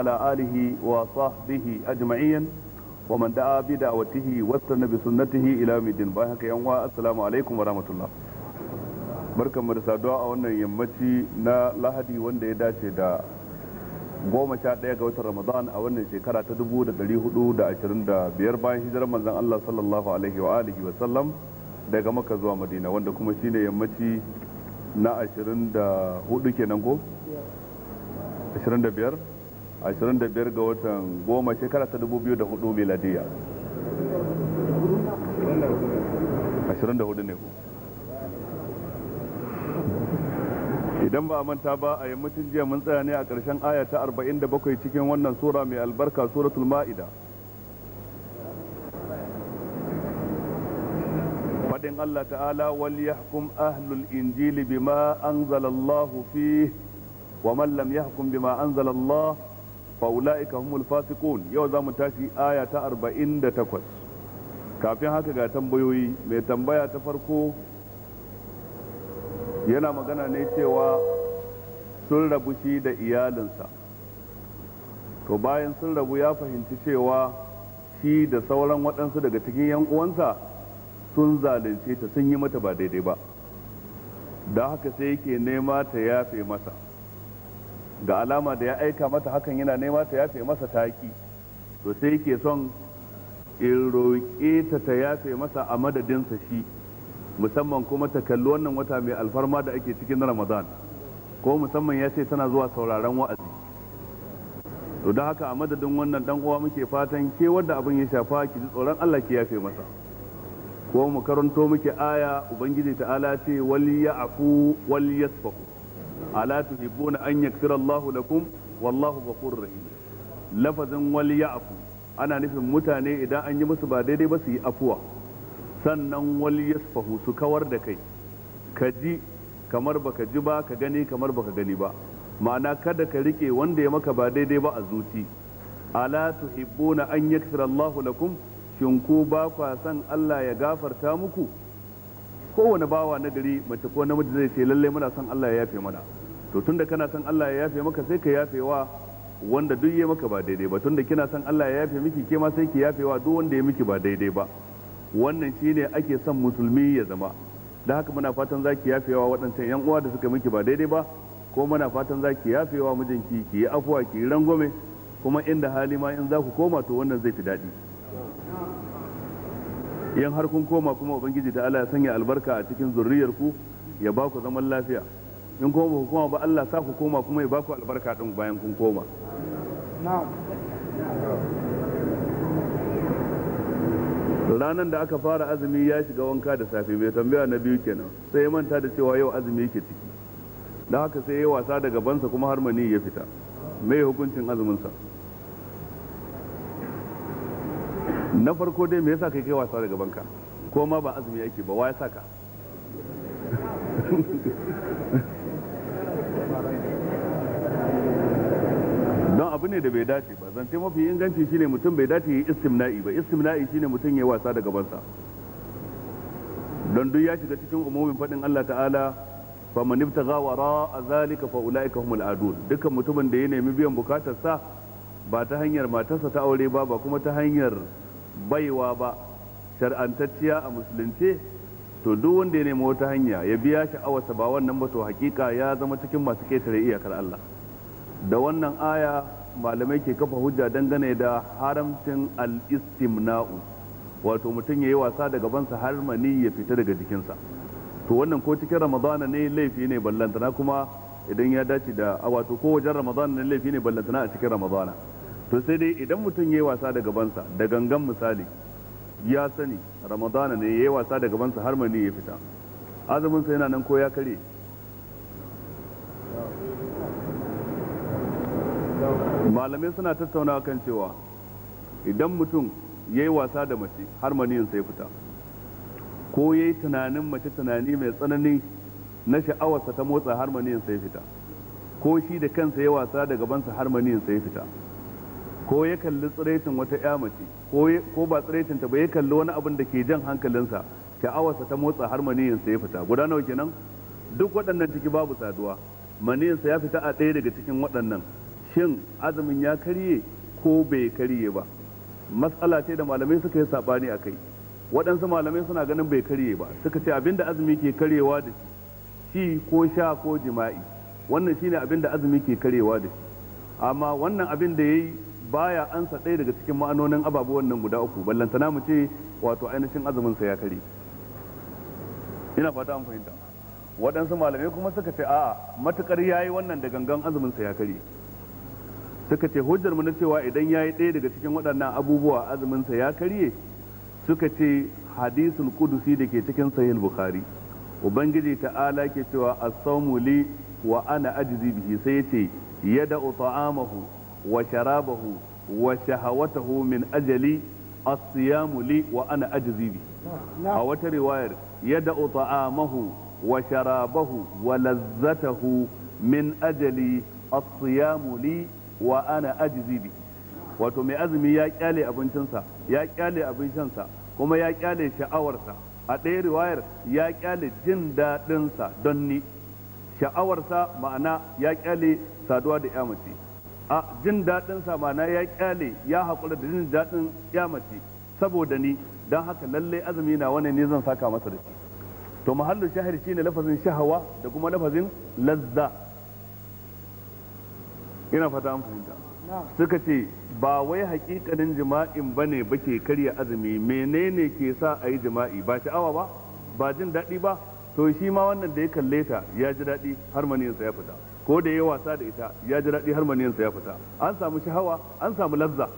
وعلى آله وصحبه أجمعين ومن دعا بدعوته واستنى بسنته إلى يوم الدين باهك السلام عليكم ورحمة الله barkan mu da saduwa a wannan yammaci na lahadi wanda ya dace da goma sha ɗaya ga watan ramadan a wannan shekara ta dubu da ɗari hudu da ashirin da biyar bayan hijirar manzon allah sallallahu alaihi wa alihi wa sallam daga maka zuwa madina wanda kuma shine yammaci na ashirin da hudu kenan ko ashirin da biyar 25 ga watan goma shekara ta 2004 miladiya 24 ne ku idan ba a manta ba a yammacin jiya mun tsaya ne a ƙarshen aya ta 47 cikin wannan sura mai albarka suratul ma'ida faɗin Allah ta'ala wal yahkum ahlul injili bima anzalallahu fi wa man lam yahkum bima anzalallahu fa ulaika humul fasiqun yau zamu tashi aya ta 48 kafin haka ga tambayoyi mai tambaya ta farko yana magana ne cewa sun rabu shi da iyalinsa to bayan sun rabu ya fahimci cewa shi da sauran waɗansu daga cikin 'yan uwansa sun zalunce ta sun yi mata ba daidai ba da haka sai yake nema ta yafe masa ga alama da ya aika mata hakan yana nema ta yafe masa taki to sai yake son in roƙe ta ta yafe masa a madadinsa shi musamman kuma ta kalli wannan wata mai alfarma da ake cikin ramadan ko musamman ya ce tana zuwa sauraron wa'azi to da haka a madadin wannan dan uwa muke fatan ke wanda abin ya shafa ki ji tsoron Allah ki yafe masa ko mu karanto muke aya ubangiji ta'ala ce wal ya'fu wal yasfahu ala tuhibbuna an yaghfira Allahu lakum wallahu ghafurur rahim lafazin wal ana nufin mutane idan an yi musu ba daidai ba su yi afuwa sannan wal yasfahu su kawar da kai ka ji kamar baka ji ba ka gani kamar baka gani ba ma'ana kada ka rike wanda ya maka ba daidai ba a zuci ala tuhibbuna an yaghfira Allahu lakum shin ku ba kwa san Allah ya gafarta muku kowane bawa na gari mace ko namiji zai ce lalle muna son Allah ya yafe mana to tunda kana son Allah ya yafe maka sai ka yafe wa wanda duk ya maka ba daidai ba tunda kina son Allah ya yafe miki ke ma sai ki yafe wa duk wanda ya miki ba daidai ba wannan shine ake son musulmi ya zama da haka muna fatan zaki yafe wa waɗancan yan uwa da suka miki ba daidai ba ko muna fatan zaki yafe wa mijinki ki yi afuwa ki yi rangwame kuma inda hali ma in za ku koma to wannan zai fi daɗi yan har kun koma kuma ubangiji ta Allah ya sanya albarka a cikin zurriyar ya ba ku zaman lafiya in kuma ba ku koma ba Allah sa ku koma kuma ya ba ku albarka din bayan kun koma ranar da aka fara azumi ya shiga wanka da safe mai tambaya na biyu kenan sai ya manta da cewa yau azumi yake ciki da haka sai ya wasa da bansa kuma har mani ya fita mai hukuncin azuminsa sa na farko dai me yasa kai kai wasa daga banka ko ma ba azumi yake ba waya saka don abu ne da bai dace ba zance mafi inganci shine mutum bai dace yi istimna'i ba istimna'i shine mutum ya wasa da gabansa don duk ya shiga cikin umumin faɗin Allah ta'ala fa man rawa wara zalika fa ulaika humul adun dukkan mutumin da ya nemi biyan bukatarsa ba ta hanyar matarsa ta aure ba ba kuma ta hanyar baiwa ba shar'antacciya a musulunci to duk wanda ya nemi wata hanya ya biya sha'awarsa ba wannan ba to hakika ya zama cikin masu ketare iyakar Allah da wannan aya malamai ke kafa hujja dangane da haramcin al-istimna'u wato mutum ya yi wasa da gabansa har mani ya fita daga jikinsa to wannan ko cikin ramadana ne laifi ne ballantana kuma idan ya dace da wato ko wajen ramadana ne laifi ne ballantana a cikin ramadana to sai dai idan mutum ya yi wasa da gabansa da gangan misali ya sani ramadana ne ya yi wasa da gabansa har mani ya fita azumin sa yana nan ko ya kare malamai suna tattaunawa kan cewa idan mutum ya yi wasa da mace har maniyin sai fita ko ya yi tunanin mace tunani mai tsanani na sha'awarsa ta motsa har maniyin sai fita ko shi da kansa ya wasa da gabansa har maniyin sai fita ko ya kalli tsiraitin wata ya mace ko ba tsiraitin ta ba kalli wani abin da ke jan hankalinsa sha'awarsa ta motsa har maniyinsa ya fita guda nawa kenan duk waɗannan ciki babu saduwa maniyinsa ya fita a ɗaya daga cikin waɗannan shin azumin ya karye ko bai karye ba matsala ce da malamai suka yi saɓani a kai waɗansu malamai suna ganin bai karye ba suka ce abinda azumi ke karyewa da shi ko sha ko jima'i wannan shine abinda azumi ke karyewa da shi amma wannan abin da ya yi baya ansa ɗaya daga cikin ma'anonin ababuwan nan guda uku ballantana mu ce wato ainihin azumin sa ya kare ina fata an fahimta waɗansu malamai kuma suka ce a'a matukar yayi wannan da gangan azumin sa ya kare suka ce hujjar mu na cewa idan yayi ɗaya daga cikin waɗannan abubuwa azumin sa ya karye suka ce hadisul qudusi da ke cikin sahih bukhari ubangiji ta'ala ke cewa as-sawmu li wa ana ajzi bihi sai ya ce yada'u ta'amahu wa sharabahu wa shahawatahu min ajali as-siyamu wa ana ajzi bi a wata riwayar yada'u ta'amahu wa wa lazzatahu min ajali as-siyamu wa ana ajzi bi wato mai azumi ya kyale abincinsa ya kyale abin kuma ya kyale sha'awarsa a ɗaya riwayar ya kyale jin daɗinsa don ni sha'awarsa ma'ana ya kyale saduwa da ya mace a jin daɗin samana ya ƙyale ya haƙura da jin daɗin ya mace saboda ni don haka lalle azumi na wani ne zan saka masa da shi to mahallin shahar shine lafazin shahawa da kuma lafazin lazza ina fata an fahimta suka ce ba wai hakikanin jima'in ba ne ba ke karya azumi menene ke sa a yi jima'i ba sha'awa ba ba jin daɗi ba to shi ma wannan da ya kalle ta ya ji daɗi har maniyinsa ya fita ko da ya wasa da ita ya ji daɗi har maniyansa ya fita an samu shahawa an samu lazza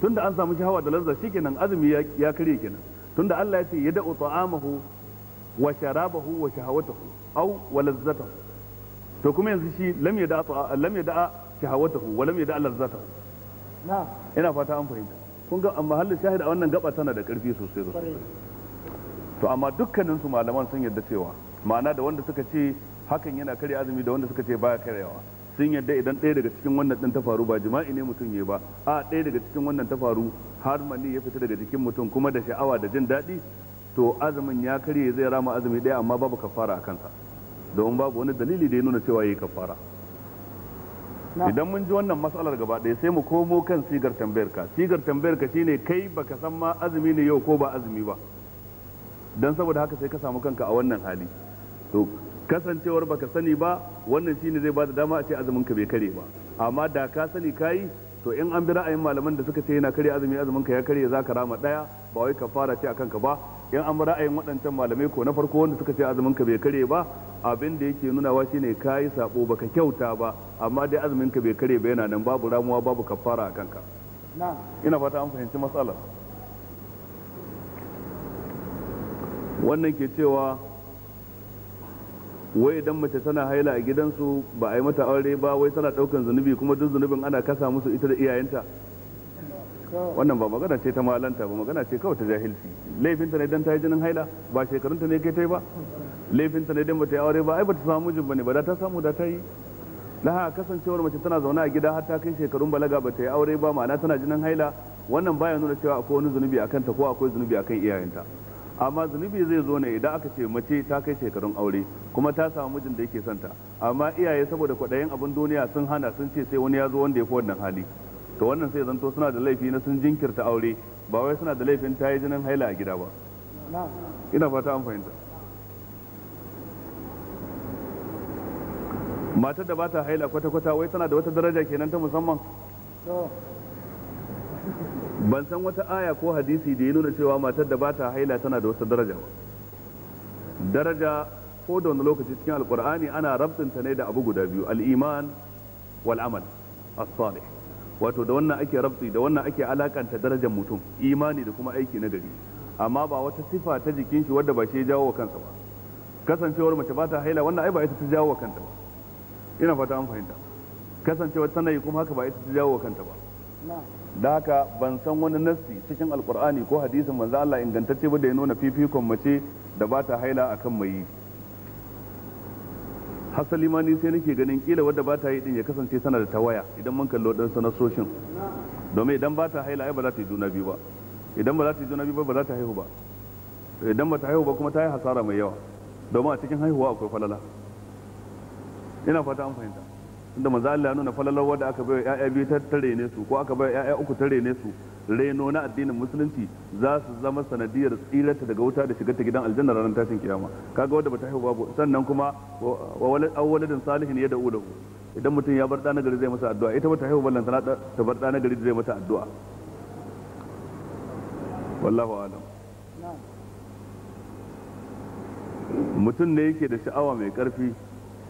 tunda an samu shahawa da lazza shikenan azumi ya kare kenan tunda Allah ya ce ya da'u ta'amahu wa sharabahu wa shahawatahu aw wa lazzatahu to kuma yanzu shi lam yada lam yada shahawatahu wa lam yada lazzatahu na'am ina fata an fahimta kun ga amma halin shahid a wannan gaba tana da karfi sosai sosai to amma dukkanin su malaman sun yarda cewa ma'ana da wanda suka ce hakan yana karya azumi da wanda suka ce baya karewa sun yadda idan ɗaya daga cikin wannan ɗin ta ba jima'i ne mutum ya ba a ɗaya daga cikin wannan ta faru har mani ya fita daga jikin mutum kuma da sha'awa da jin daɗi to azumin ya karye zai rama azumi ɗaya amma babu kafara a kansa domin babu wani dalili da ya nuna cewa ya yi kafara idan mun ji wannan matsalar gaba ɗaya sai mu komo kan sigar tambayar ka sigar tambayar ka shine kai baka san ma azumi ne yau ko ba azumi ba dan saboda haka sai ka samu kanka a wannan hali to kasancewar baka sani ba wannan shine zai ba da dama a ce azumin ka bai kare ba amma da ka sani ka yi to in an bi ra'ayin malaman da suka ce yana kare azumi azumin ka ya kare za ka rama daya ba wai ka fara ce akan ka ba in an bi ra'ayin waɗancan malamai ko na farko wanda suka ce azumin ka bai kare ba abin da yake nunawa shine kayi sabo baka kyauta ba amma dai azumin ka bai kare ba yana nan babu ramuwa babu kafara akan ka ina fata an fahimci matsalar wannan ke cewa wai idan mace tana haila a gidansu ba a yi mata aure ba wai tana daukan zunubi kuma duk zunubin ana kasa musu ita da iyayenta wannan ba magana ce ta malanta ba magana ce kawai ta jahilci laifinta ne dan ta yi jinin haila ba shekarunta ne kai ta yi ba laifinta ne dan mace yi aure ba ai bata samu mijin bane ba da ta samu da ta yi da haka kasancewar mace tana zaune a gida har ta kai shekarun balaga ba ta yi aure ba ma'ana tana jinin haila wannan baya nuna cewa akwai wani zunubi akan ta ko akwai zunubi akan iyayenta amma zunubi zai zo ne idan aka ce mace ta kai shekarun aure kuma ta samu mijin da yake santa amma iyaye saboda kwaɗayin abin duniya sun hana sun ce sai wani ya zo wanda ya fi wannan hali to wannan sai zanto suna da laifi na sun jinkirta aure ba wai suna da laifin ta yi jinin haila a gida ba ina fata an fahimta matar da ba ta haila kwata-kwata wai tana da wata daraja kenan ta musamman ban san wata aya ko hadisi da ya nuna cewa matar da ba ta haila tana da wata daraja ba daraja ko da wani lokaci cikin alkur'ani ana rabtinta ne da abu guda biyu al'iman wal amal as-salih wato da wannan ake rabti da wannan ake alakanta darajar mutum imani da kuma aiki na gari amma ba wata sifa ta jikin shi wadda ba shi jawo wa kansa ba kasancewar mace ba ta haila wannan ai ba ita ta jawo wa kanta ba ina fata an fahimta kasancewar tana yi kuma haka ba ita ta jawo wa kanta ba da haka ban san wani nassi cikin alkur'ani ko hadisin manzo Allah ingantacce ba da ya nuna fifikon mace da ba ta haila akan mai hasali ma ni sai nake ganin kila wadda ba ta yi din ya kasance tana da tawaya idan mun kallo dan su soshin. domin idan ba ta haila ai ba za ta yi juna biyu ba idan ba za ta yi juna biyu ba ba za ta haihu ba idan ba ta haihu ba kuma ta yi hasara mai yawa domin a cikin haihuwa akwai falala ina fata an fahimta tunda manzo Allah ya nuna falalar wanda aka bai ya'ya biyu ta rene su ko aka bai ya'ya uku ta rene su reno na addinin musulunci za su zama sanadiyar tsirata daga wuta da shigar ta gidan aljanna ranar tashin kiyama kaga wanda bata haihu babu sannan kuma wa waladin salihin ya da'u lahu idan mutum ya bar dana gari zai masa addu'a ita bata haihu ballan sana ta bar dana gari zai mata addu'a wallahu alam mutum ne yake da sha'awa mai karfi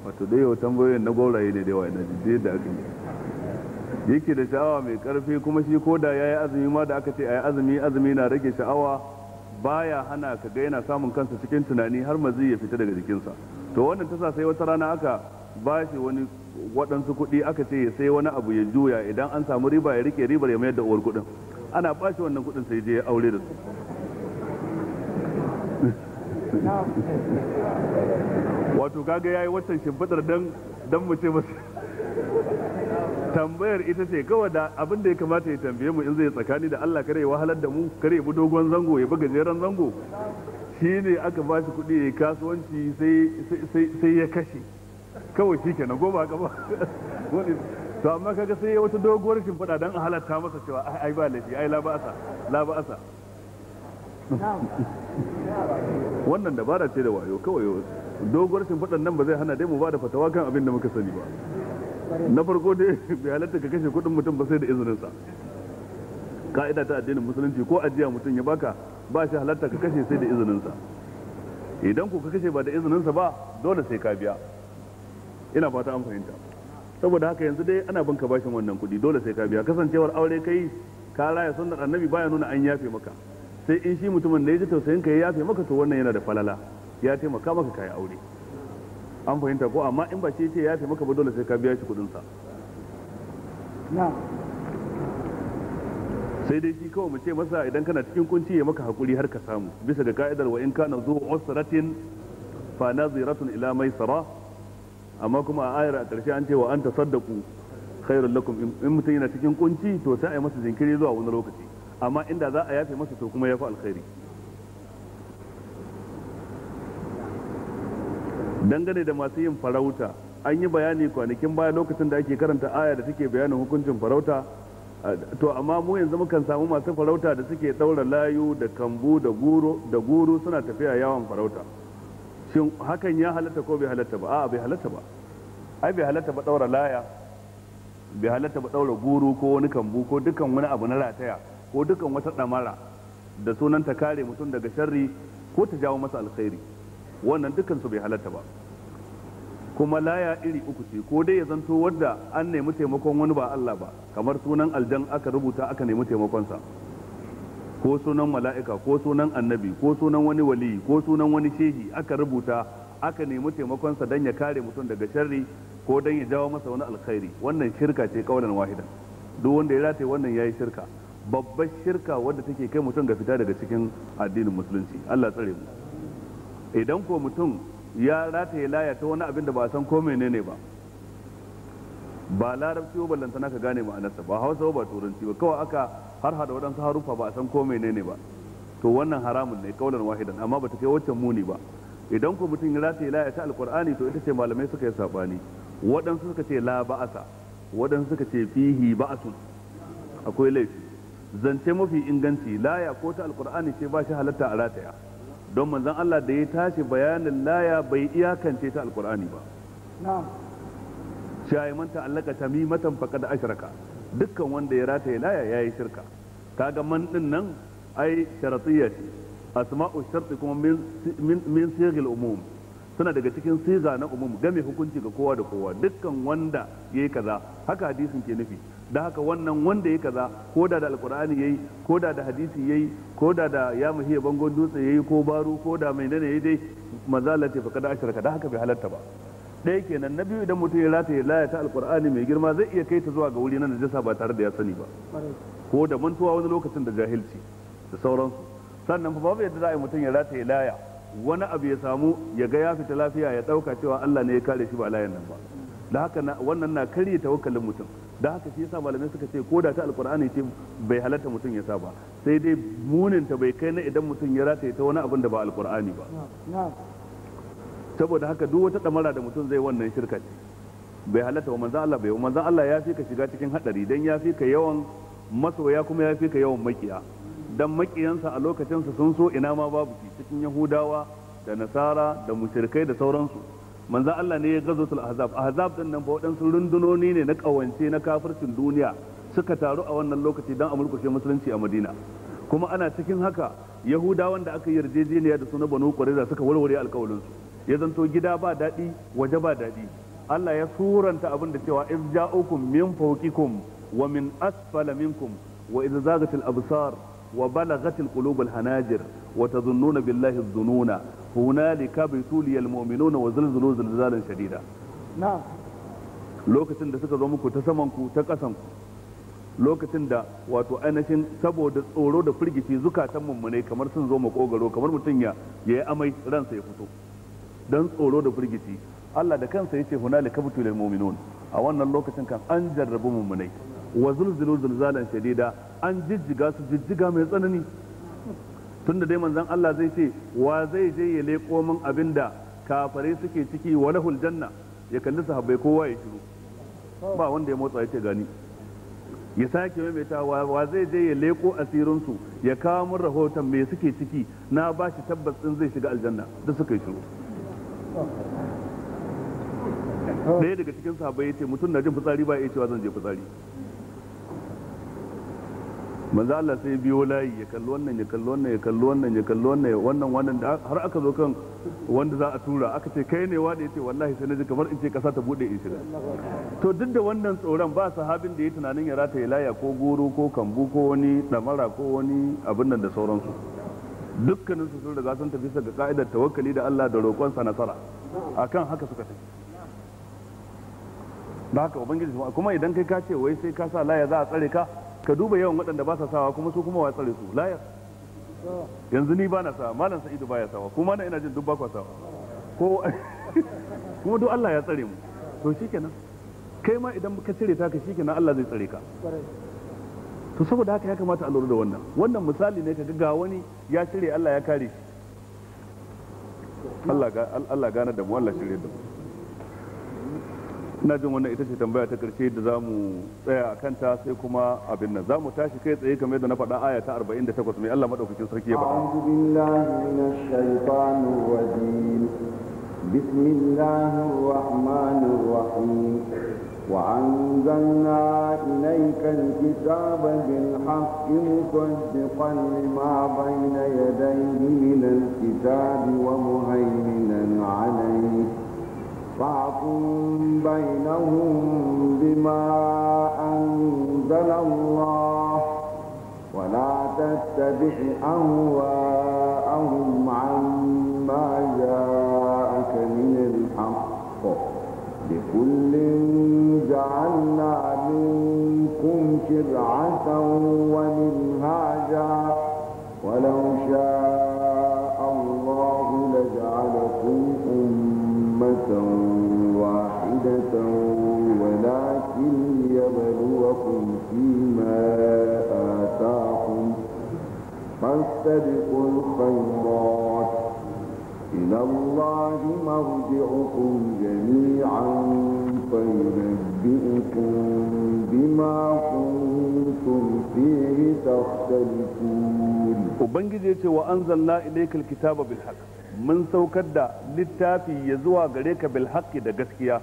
wato dai yau tambayoyin na gwauraye ne da yawa ina jin yadda aka yi yake da sha'awa mai karfi kuma shi ko da ya yi azumi ma da aka ce a yi azumi azumi na rage sha'awa baya hana ka ga yana samun kansa cikin tunani har mazi ya fita daga jikinsa to wannan tasa sai wata rana aka ba shi wani waɗansu kuɗi aka ce ya sai wani abu ya juya idan an samu riba ya rike ribar ya mayar da uwar kuɗin ana ba shi wannan kuɗin sai je ya aure da su wato kaga yayi waccan shimfidar dan dan mu ce masa tambayar ita ce kawai da abin da ya kamata ya tambaye mu in zai tsakani da Allah kare ya wahalar da mu kare ya bi dogon zango ya bi gajeren zango shi ne aka ba shi kuɗi ya kasuwanci sai ya kashe kawai shi kenan ko ba ka ba to amma kaga sai ya wata doguwar shimfiɗa don a halatta masa cewa ai ba laifi ai la ba'asa la ba'asa wannan dabara ce da wayo kawai doguwar shimfiɗar nan ba zai hana dai mu ba da fatawa kan abin da muka sani ba na farko dai bai halatta ka kashe kuɗin mutum ba sai da izininsa ka'ida ta addinin musulunci ko ajiya mutum ya baka ba shi halatta ka kashe sai da izininsa idan ku ka kashe ba da izininsa ba dole sai ka biya ina fata an fahimta saboda haka yanzu dai ana bin ka bashin wannan kuɗi dole sai ka biya kasancewar aure kai ka raya sunnar annabi baya nuna an yafe maka sai in shi mutumin da ya ji tausayin ka ya yafe maka to wannan yana da falala ya taimaka maka kai aure an fahimta ko amma in ba shi ce ya yafe maka ba dole sai ka biya shi kudin sa sai dai shi kawai mu ce masa idan kana cikin kunci ya maka hakuri har ka samu bisa ga ka'idar wa in kana zuwa usratin fa naziratun ila maisara amma kuma a ayar a ƙarshe an ce wa an tasaddaqu khairul lakum in mutum yana cikin kunci to sai a yi masa jinkiri zuwa wani lokaci amma inda za a yafe masa to kuma ya fi alkhairi dangane da masu yin farauta an yi bayani kwanakin baya lokacin da ake karanta aya da take bayanin hukuncin farauta to amma mu yanzu mukan samu masu farauta da suke daura layu da kambu da guru da guru suna tafiya yawan farauta shin hakan ya halatta ko bai halatta ba a'a bai halatta ba ai bai halatta ba ɗaura laya bai halatta ba ɗaura guru ko wani kambu ko dukkan wani abu na rataya ko dukan wata damara da sunan ta kare mutum daga sharri ko ta jawo masa alkhairi wannan dukan su bai halarta ba kuma laya iri uku ce ko dai ya zanto wadda an nemi taimakon wani ba Allah ba kamar sunan aljan aka rubuta aka nemi taimakon sa ko sunan mala'ika ko sunan annabi ko sunan wani wali ko sunan wani shehi aka rubuta aka nemi taimakon sa dan ya kare mutum daga sharri ko dan ya jawo masa wani alkhairi wannan shirka ce kaulan wahida duk wanda ya rataye wannan yayi shirka babbar shirka wadda take kai mutum ga fita daga cikin addinin musulunci Allah tsare mu idan ko mutum ya rataye laya ta wani abin da ba san ko menene ba ba larabci ba lantana ka gane ma'anarsa ba hausa ba turanci ba kawai aka har hada waɗansu harufa ba a san ko menene ba to wannan haramun ne kaular wahidan amma ba ta kai waccan muni ba idan ko mutum ya rataye laya ta alkur'ani to ita ce malamai suka yi sabani waɗansu suka ce la ba'asa waɗansu suka ce fihi ba'asun akwai laifi zance mafi inganci laya ko ta alkur'ani ce ba shi halatta a rataya don manzon Allah da ya tashi bayanin laya bai iyakance ta alkur'ani ba shi mi matan faka da ashirka dukkan wanda ya rataya laya ya yi shirka kaga man din nan ai sharatiyya ce asma'u sharti kuma min sigil umum suna daga cikin siga na umum game hukunci ga kowa da kowa dukkan wanda ya yi kaza haka hadisin ke nufi da haka wannan wanda ya kaza ko da da alkur'ani yayi ko da da hadisi yayi ko da da ya muhiya bangon dutse yayi ko baro ko da mai nane yayi dai mazalati fa kada ashraka da haka bai halatta ba ɗaya kenan na biyu idan mutum ya rataye laya ta alkur'ani mai girma zai iya kai ta zuwa ga wuri na najasa ba tare da ya sani ba ko da mantuwa wani lokacin da jahilci da sauransu sannan fa babu yadda za a mutum ya rataye laya wani abu ya samu ya ga ya fita lafiya ya dauka cewa Allah ne ya kare shi ba layan nan ba da haka wannan na karya tawakkalin mutum da haka shi yasa malamai suka ce ko da ta alkur'ani ce bai halatta mutum ya sa ba sai dai muninta bai kai na idan mutum ya rataye ta wani abin da ba alkur'ani ba saboda haka duk wata damara da mutum zai wannan shirka ce bai halatta wa manzan Allah bai wa manzan Allah ya fi ka shiga cikin hadari dan ya fi ka yawan masoya kuma ya fi ka yawan makiya dan makiyansa a lokacin lokacinsa sun so ina ma babu cikin yahudawa da nasara da mushrikai da sauransu manzo Allah ne ya gazatul ahzab ahzab din nan ba waɗansu rundunoni ne na kawance na kafircin duniya suka taru a wannan lokaci don a mulkushe musulunci a Madina kuma ana cikin haka yahudawan da aka yarjejeniya da su na banu qurayza suka warware alƙawarin su ya zanto gida ba daɗi waje ba daɗi Allah ya suranta abin da cewa iz ja'ukum min fawqikum wa min asfala minkum wa idza zagatil absar wa balagatil qulubul hanajir وتظنون بالله الظنون هنالك بتولي المؤمنون وزلزلوا زلزالا شديدا نعم lokacin da suka zo muku ta samanku ta ƙasanku lokacin da wato ainihin saboda tsoro da firgici zukatan mummune kamar sun zo makogaro kamar mutum ya yi amai ransa ya fito don tsoro da firgici Allah da kansa yace hunalika butul mu'minun a wannan lokacin kan an jarrabu mummunai wa zulzilu zulzalan shadida an jijjiga su jijjiga mai tsanani tunda dai manzon Allah zai ce wa zai je ya leko min abinda kafare suke ciki walahul janna ya kalli sahabbai kowa ya shiru ba wanda ya motsa ya ce gani ya sake mai ta wa zai je ya leko asirinsu ya kawo min rahoton me suke ciki na ba shi tabbas din zai shiga aljanna duk suka yi shiru ɗaya daga cikin sahabbai ya ce mutum na jin fitsari ba ya cewa zan je fitsari manzo Allah sai biyo layi ya kalli wannan ya kalli wannan ya kalli wannan ya kalli wannan ya wannan wannan da har aka zo kan wanda za a tura aka ce kai ne wanda yace wallahi sai naji kamar in ce kasa ta bude in shiga to duk da wannan tsoron ba sahabin da ya tunanin ya rata ya laya ko goro ko kambu ko wani damara ko wani abin nan da sauransu dukkanin su sun riga sun tafi ga ka'idar tawakkali da Allah da roƙon sa nasara akan haka suka tafi da haka ubangiji kuma idan kai ka ce wai sai ka sa laya za a tsare ka ka duba yawan waɗanda ba sa sawa kuma su kuma watsare tsare su layar yanzu ni ba na sawa malam sa'idu ba ya sawa kuma na ina jin duk ba kwa sawa ko kuma duk Allah ya tsare mu to shikenan kai ma idan ka cire ta ka shikenan Allah zai tsare ka to saboda haka ya kamata a lura da wannan wannan misali ne kaga ga wani ya cire Allah ya kare shi Allah gane da mu Allah shirye da mu ina jin wannan ita ce tambaya ta karshe da zamu tsaya a kanta sai kuma abin nan zamu tashi kai tsaye kamar yadda na faɗa aya ta 48 mai Allah madaukakin sarki ya faɗa a'udhu billahi minash shaitanir rajim bismillahir rahmanir rahim wa anzalna ilayka al-kitaba bil haqqi بالحق lima bayna yadayhi minal kitabi wa ومهيمنا alayhi فاحكم بينهم بما أنزل الله ولا تتبع أهواءهم عما جاءك من الحق لكل جعلنا منكم شرعة ومنهاجا ولو شاء فاستبقوا الخيرات إلى الله مرجعكم جميعا فينبئكم بما كنتم فيه تختلفون وبنجي وأنزلنا إليك الكتاب بالحق mun saukar da littafi ya zuwa gare ka bilhaƙi da gaskiya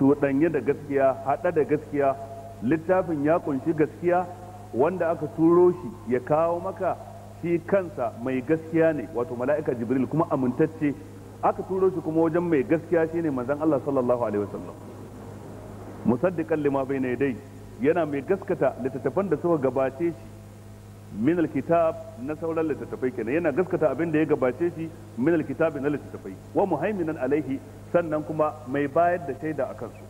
cuɗanye da gaskiya haɗa da gaskiya littafin ya ƙunshi gaskiya wanda aka turo shi ya kawo maka shi kansa mai gaskiya ne wato mala'ika jibril kuma amintacce aka turo shi kuma wajen mai gaskiya ne manzan Allah sallallahu alaihi wasallam musaddiqan lima bayna yana mai gaskata littattafan da suka gabace shi min alkitab na sauran littattafai kenan yana gaskata abin da ya gabace shi min alkitab na littattafai wa muhaiminan alaihi sannan kuma mai bayar da shaida a kansu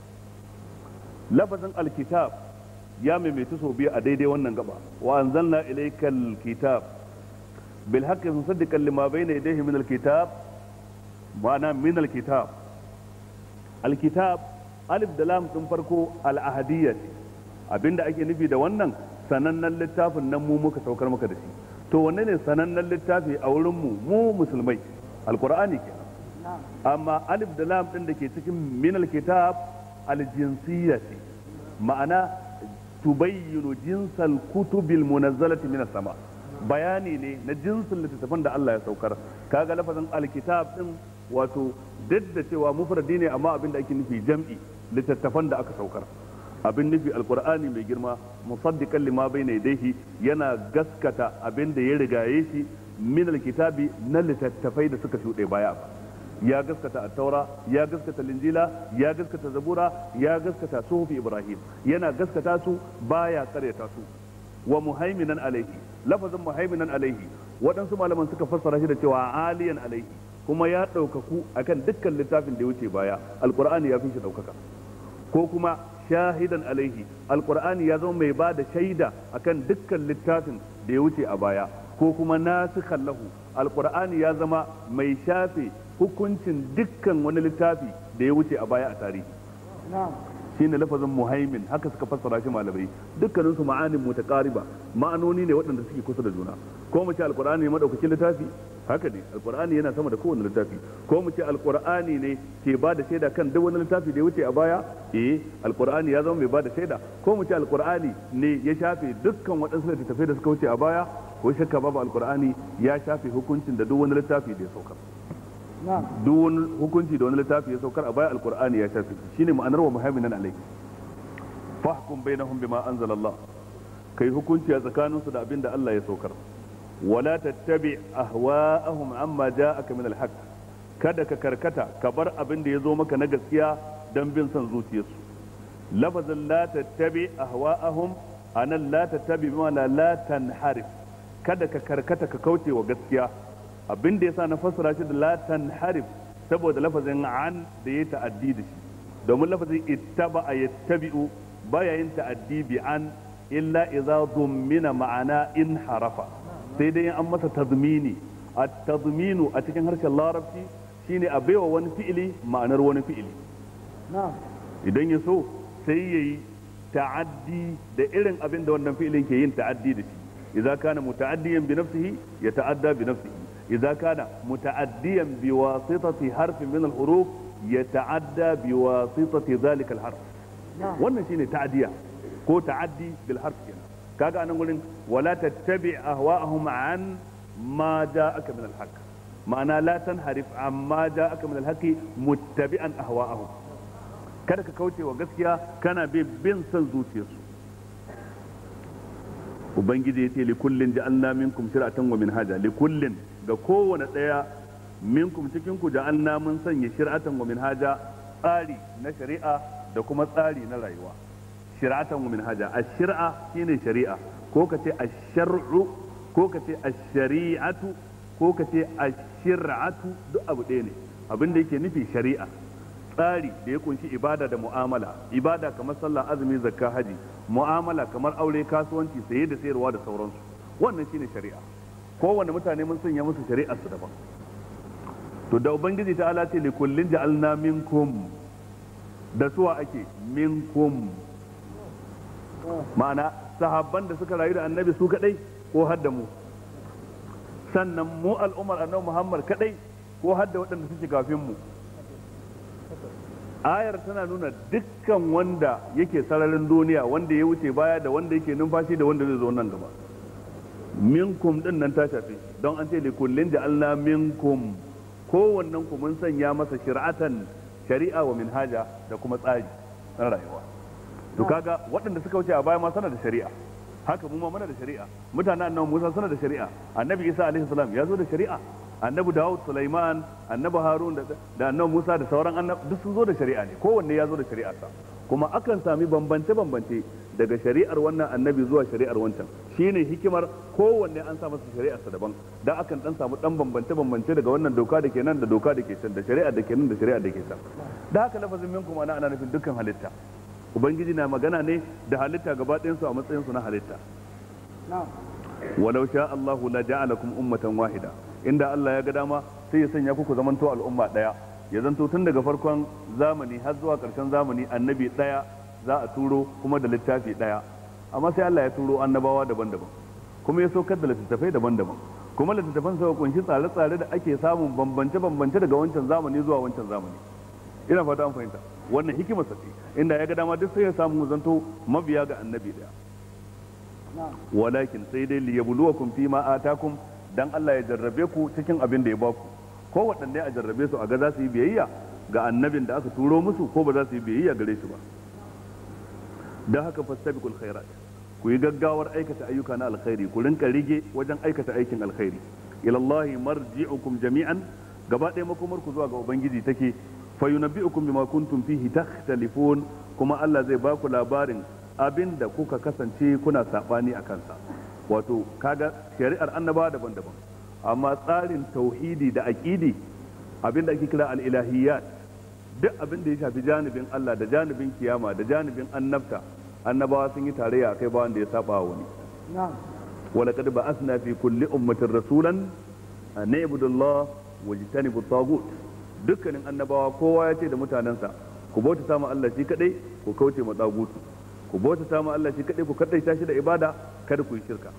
lafazin alkitab ya maimaitu sau biyu a daidai wannan gaba wa anzalna ilaikal kitab bil haqqi musaddiqan lima bayna yadayhi min alkitab ma'ana min alkitab alkitab alif da lam din farko al ahadiyya abinda ake nufi da wannan sanannen littafin nan mu muka saukar maka da shi to wanne ne sanannen littafi a wurin mu mu musulmai alqur'ani kenan amma alif da lam din da ke cikin min alkitab aljinsiyya ce ma'ana tubayyinu jinsal kutubil munazzalati minas sama' bayani ne na jinsin littattafan da Allah ya saukar kaga lafazin alkitab din wato duk da cewa mufradi ne amma abin da ake nufi jam'i littattafan da aka saukar abin nufi alkur'ani mai girma musaddiqan lima bayna yadayhi yana gaskata abin da ya rigaye shi min alkitabi na littattafai da suka shuɗe baya ya gaskata attaura ya gaskata linjila ya gaskata zabura ya gaskata suhufi ibrahim yana gaskata su baya karyata su wa muhaiminan alaihi lafazin muhaiminan alaihi waɗansu malaman suka fassara shi da cewa aliyan alaihi kuma ya ɗaukaku akan dukkan littafin da ya wuce baya alqur'ani ya fi shi ɗaukaka ko kuma shahidan alaihi alqur'ani ya zama mai ba da shaida akan dukkan littafin da ya wuce a baya ko kuma nasikhan lahu alqur'ani ya zama mai shafe hukuncin dukkan wani littafi da ya wuce a baya a tarihi shine lafazin muhaimin haka suka fassara shi malamai dukkanin su ma'anin mutaqariba ma'anoni ne waɗanda suke kusa da juna ko mu ce alqur'ani ne madaukakin littafi haka ne alqur'ani yana sama da kowane littafi ko mu ce alqur'ani ne ke ba da shaida kan duk wani littafi da ya wuce a baya eh alqur'ani ya zama mai ba da shaida ko mu ce alqur'ani ne ya shafe dukkan waɗansu littattafai da suka wuce a baya ko shakka babu alqur'ani ya shafe hukuncin da duk wani littafi da ya sauka duk wani hukunci da wani littafi ya saukar a baya alkur'ani ya shafi ne ma'anar wa muhaiminan alai fahkum bainahum bima anzalallah kai hukunci a tsakaninsu da abin da Allah ya saukar wala tattabi ahwa'ahum amma aka min alhaq kada ka karkata ka bar abin da ya zo maka na gaskiya dan bin son zuciyarsu lafazin la tattabi ahwa'ahum anan la tattabi bima la tanharif kada ka karkata ka kauce wa gaskiya abin da yasa na fassara shi da la harif saboda lafazin an da ya ta'addi da shi domin lafazin ittaba yattabi'u baya yin ta'addi bi an illa idza dummina ma'ana in harafa sai dai an masa tazmini at-tazminu a cikin harshen larabci shine a baiwa wani fi'ili ma'anar wani fi'ili idan ya so sai yayi ta'addi da irin abin da wannan fi'ilin ke yin ta'addi da shi idza kana muta'addiyan bi nafsihi ya ta'adda bi nafsihi idza kana muta'addiyan bi wasitati harfin min al-huruf yata'adda bi wasitati zalika al-harf wannan shine ta'diya ko ta'addi bil harf kenan kaga anan gurin wala tattabi ahwa'ahum an ma ja'aka min al-haqq ma'ana la tanharif amma ja'aka min al-haqqi muttabi'an ahwa'ahum kada ka kauce wa gaskiya kana bin son zuciyarsu ubangiji ya ce likullin ja'alna minkum shir'atan wa likullin ga kowane ɗaya minkum cikin ku ja'alna mun sanya shir'atan wa minhaja tsari na shari'a da kuma tsari na rayuwa shir'atan wa minhaja a shira shine shari'a ko ka ce ash-shar'u ko ka ce ash-shari'atu ko ka ce ash-shir'atu duk abu ɗaya ne abin da yake nufi shari'a tsari da ya kunshi ibada da mu'amala ibada kamar sallah azumi zakka haji mu'amala kamar aure kasuwanci saye da sayarwa da sauransu wannan shine shari'a kowane mutane mun sanya musu shari'ar su daban to da ubangiji ta ala ce likullin ja'alna minkum da suwa ake minkum ma'ana sahabban da suka rayu da annabi su kadai ko har da mu sannan mu al'ummar annabi muhammad kadai ko har da waɗanda suke kafin mu ayar tana nuna dukkan wanda yake sararin duniya wanda ya wuce baya da wanda yake numfashi da wanda zai zo nan gaba minkum din nan ta shafi don an ce likullin ja'alna minkum kowannen ku mun sanya masa shir'atan shari'a wa minhaja da kuma tsari na rayuwa to kaga waɗanda suka wuce a baya ma sana da shari'a haka mu ma muna da shari'a mutanen annabi Musa suna da shari'a annabi Isa alaihi salam ya zo da shari'a annabi Dawud Sulaiman annabi Harun da annabi Musa da sauran annabi duk sun zo da shari'a ne kowanne ya zo da shari'a sa kuma akan sami bambance bambance daga shari'ar wannan annabi zuwa shari'ar wancan shine hikimar kowanne an sa masa shari'ar sa daban da akan dan samu dan bambance bambance daga wannan doka da ke nan da doka da ke can da shari'ar da ke nan da shari'ar da ke can da haka lafazin minkum ana ana nufin dukkan halitta ubangiji na magana ne da halitta gaba ɗayan su a matsayin su na halitta walau sha Allahu la ja'alakum ummatan wahida inda Allah ya ga dama sai ya sanya ku ku zamanto al'umma daya ya zanto tun daga farkon zamani har zuwa karshen zamani annabi daya. za a turo kuma da littafi daya amma sai Allah ya turo annabawa daban-daban kuma ya saukar da littattafai daban-daban kuma littattafan suka kunshi tsare-tsare da ake samun bambance-bambance daga wancan zamani zuwa wancan zamani ina fata an fahimta wannan hikima ce inda ya ga dama duk sai ya samu zanto mabiya ga annabi daya walakin sai dai liyabluwakum fi ma atakum dan Allah ya jarrabe ku cikin abin da ya baku ko waɗanne a jarrabe su a ga za su yi biyayya ga annabin da aka turo musu ko ba za su yi biyayya gare shi ba don haka fastabiqul khairat ku yi gaggawar aikata ayyuka na alkhairi ku rinka rige wajen aikata aikin alkhairi ilallahi Allah marji'ukum jami'an gaba ɗaya makomar ku zuwa ga ubangiji take fa yunabbi'ukum bima kuntum fihi takhtalifun kuma Allah zai ba ku labarin abin da kuka kasance kuna sabani a kansa wato kaga shari'ar annaba daban-daban amma tsarin tauhidi da aqidi abin da ake kira al-ilahiyat duk abin da ya shafi janibin Allah da janibin kiyama da janibin annabta annabawa sun yi tarayya akai ba wanda ya saba wani wala kad ba'athna fi kulli ummatin rasulan an ibudu wajtanibu tagut dukkanin annabawa kowa ya ce da mutanensa ku bauta samu Allah shi kadai ku kauce ma ku bauta samu Allah shi kadai ku kadai shi da ibada kada ku yi shirka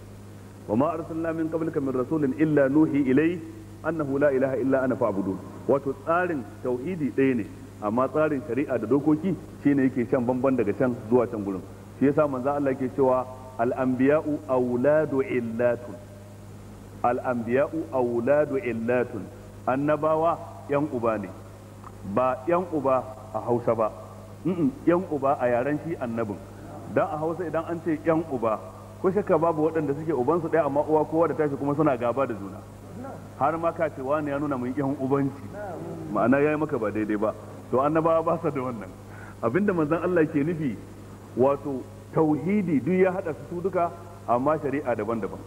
wa ma arsalna min qablika min rasulin illa nuhi ilai annahu la ilaha illa ana fa'budun wato tsarin tauhidi ɗaya ne amma tsarin shari'a da dokoki shine yake shan bamban daga can zuwa can gurin shi yasa manzo Allah ke cewa al-anbiya'u awladu illatun al-anbiya'u awladu illatun annabawa yan uba ne ba yan uba a Hausa ba yan uba a yaren shi annabin dan a Hausa idan an ce yan uba ko shaka babu waɗanda suke ubansu ɗaya amma uwa kowa da tashi kuma suna gaba da juna har ma ka ce wani ya nuna mun yan ubanci ma'ana yayi maka ba daidai ba to annabawa ba sa da wannan abinda manzon Allah ke nufi wato tauhidi duk ya hada su duka amma shari'a daban-daban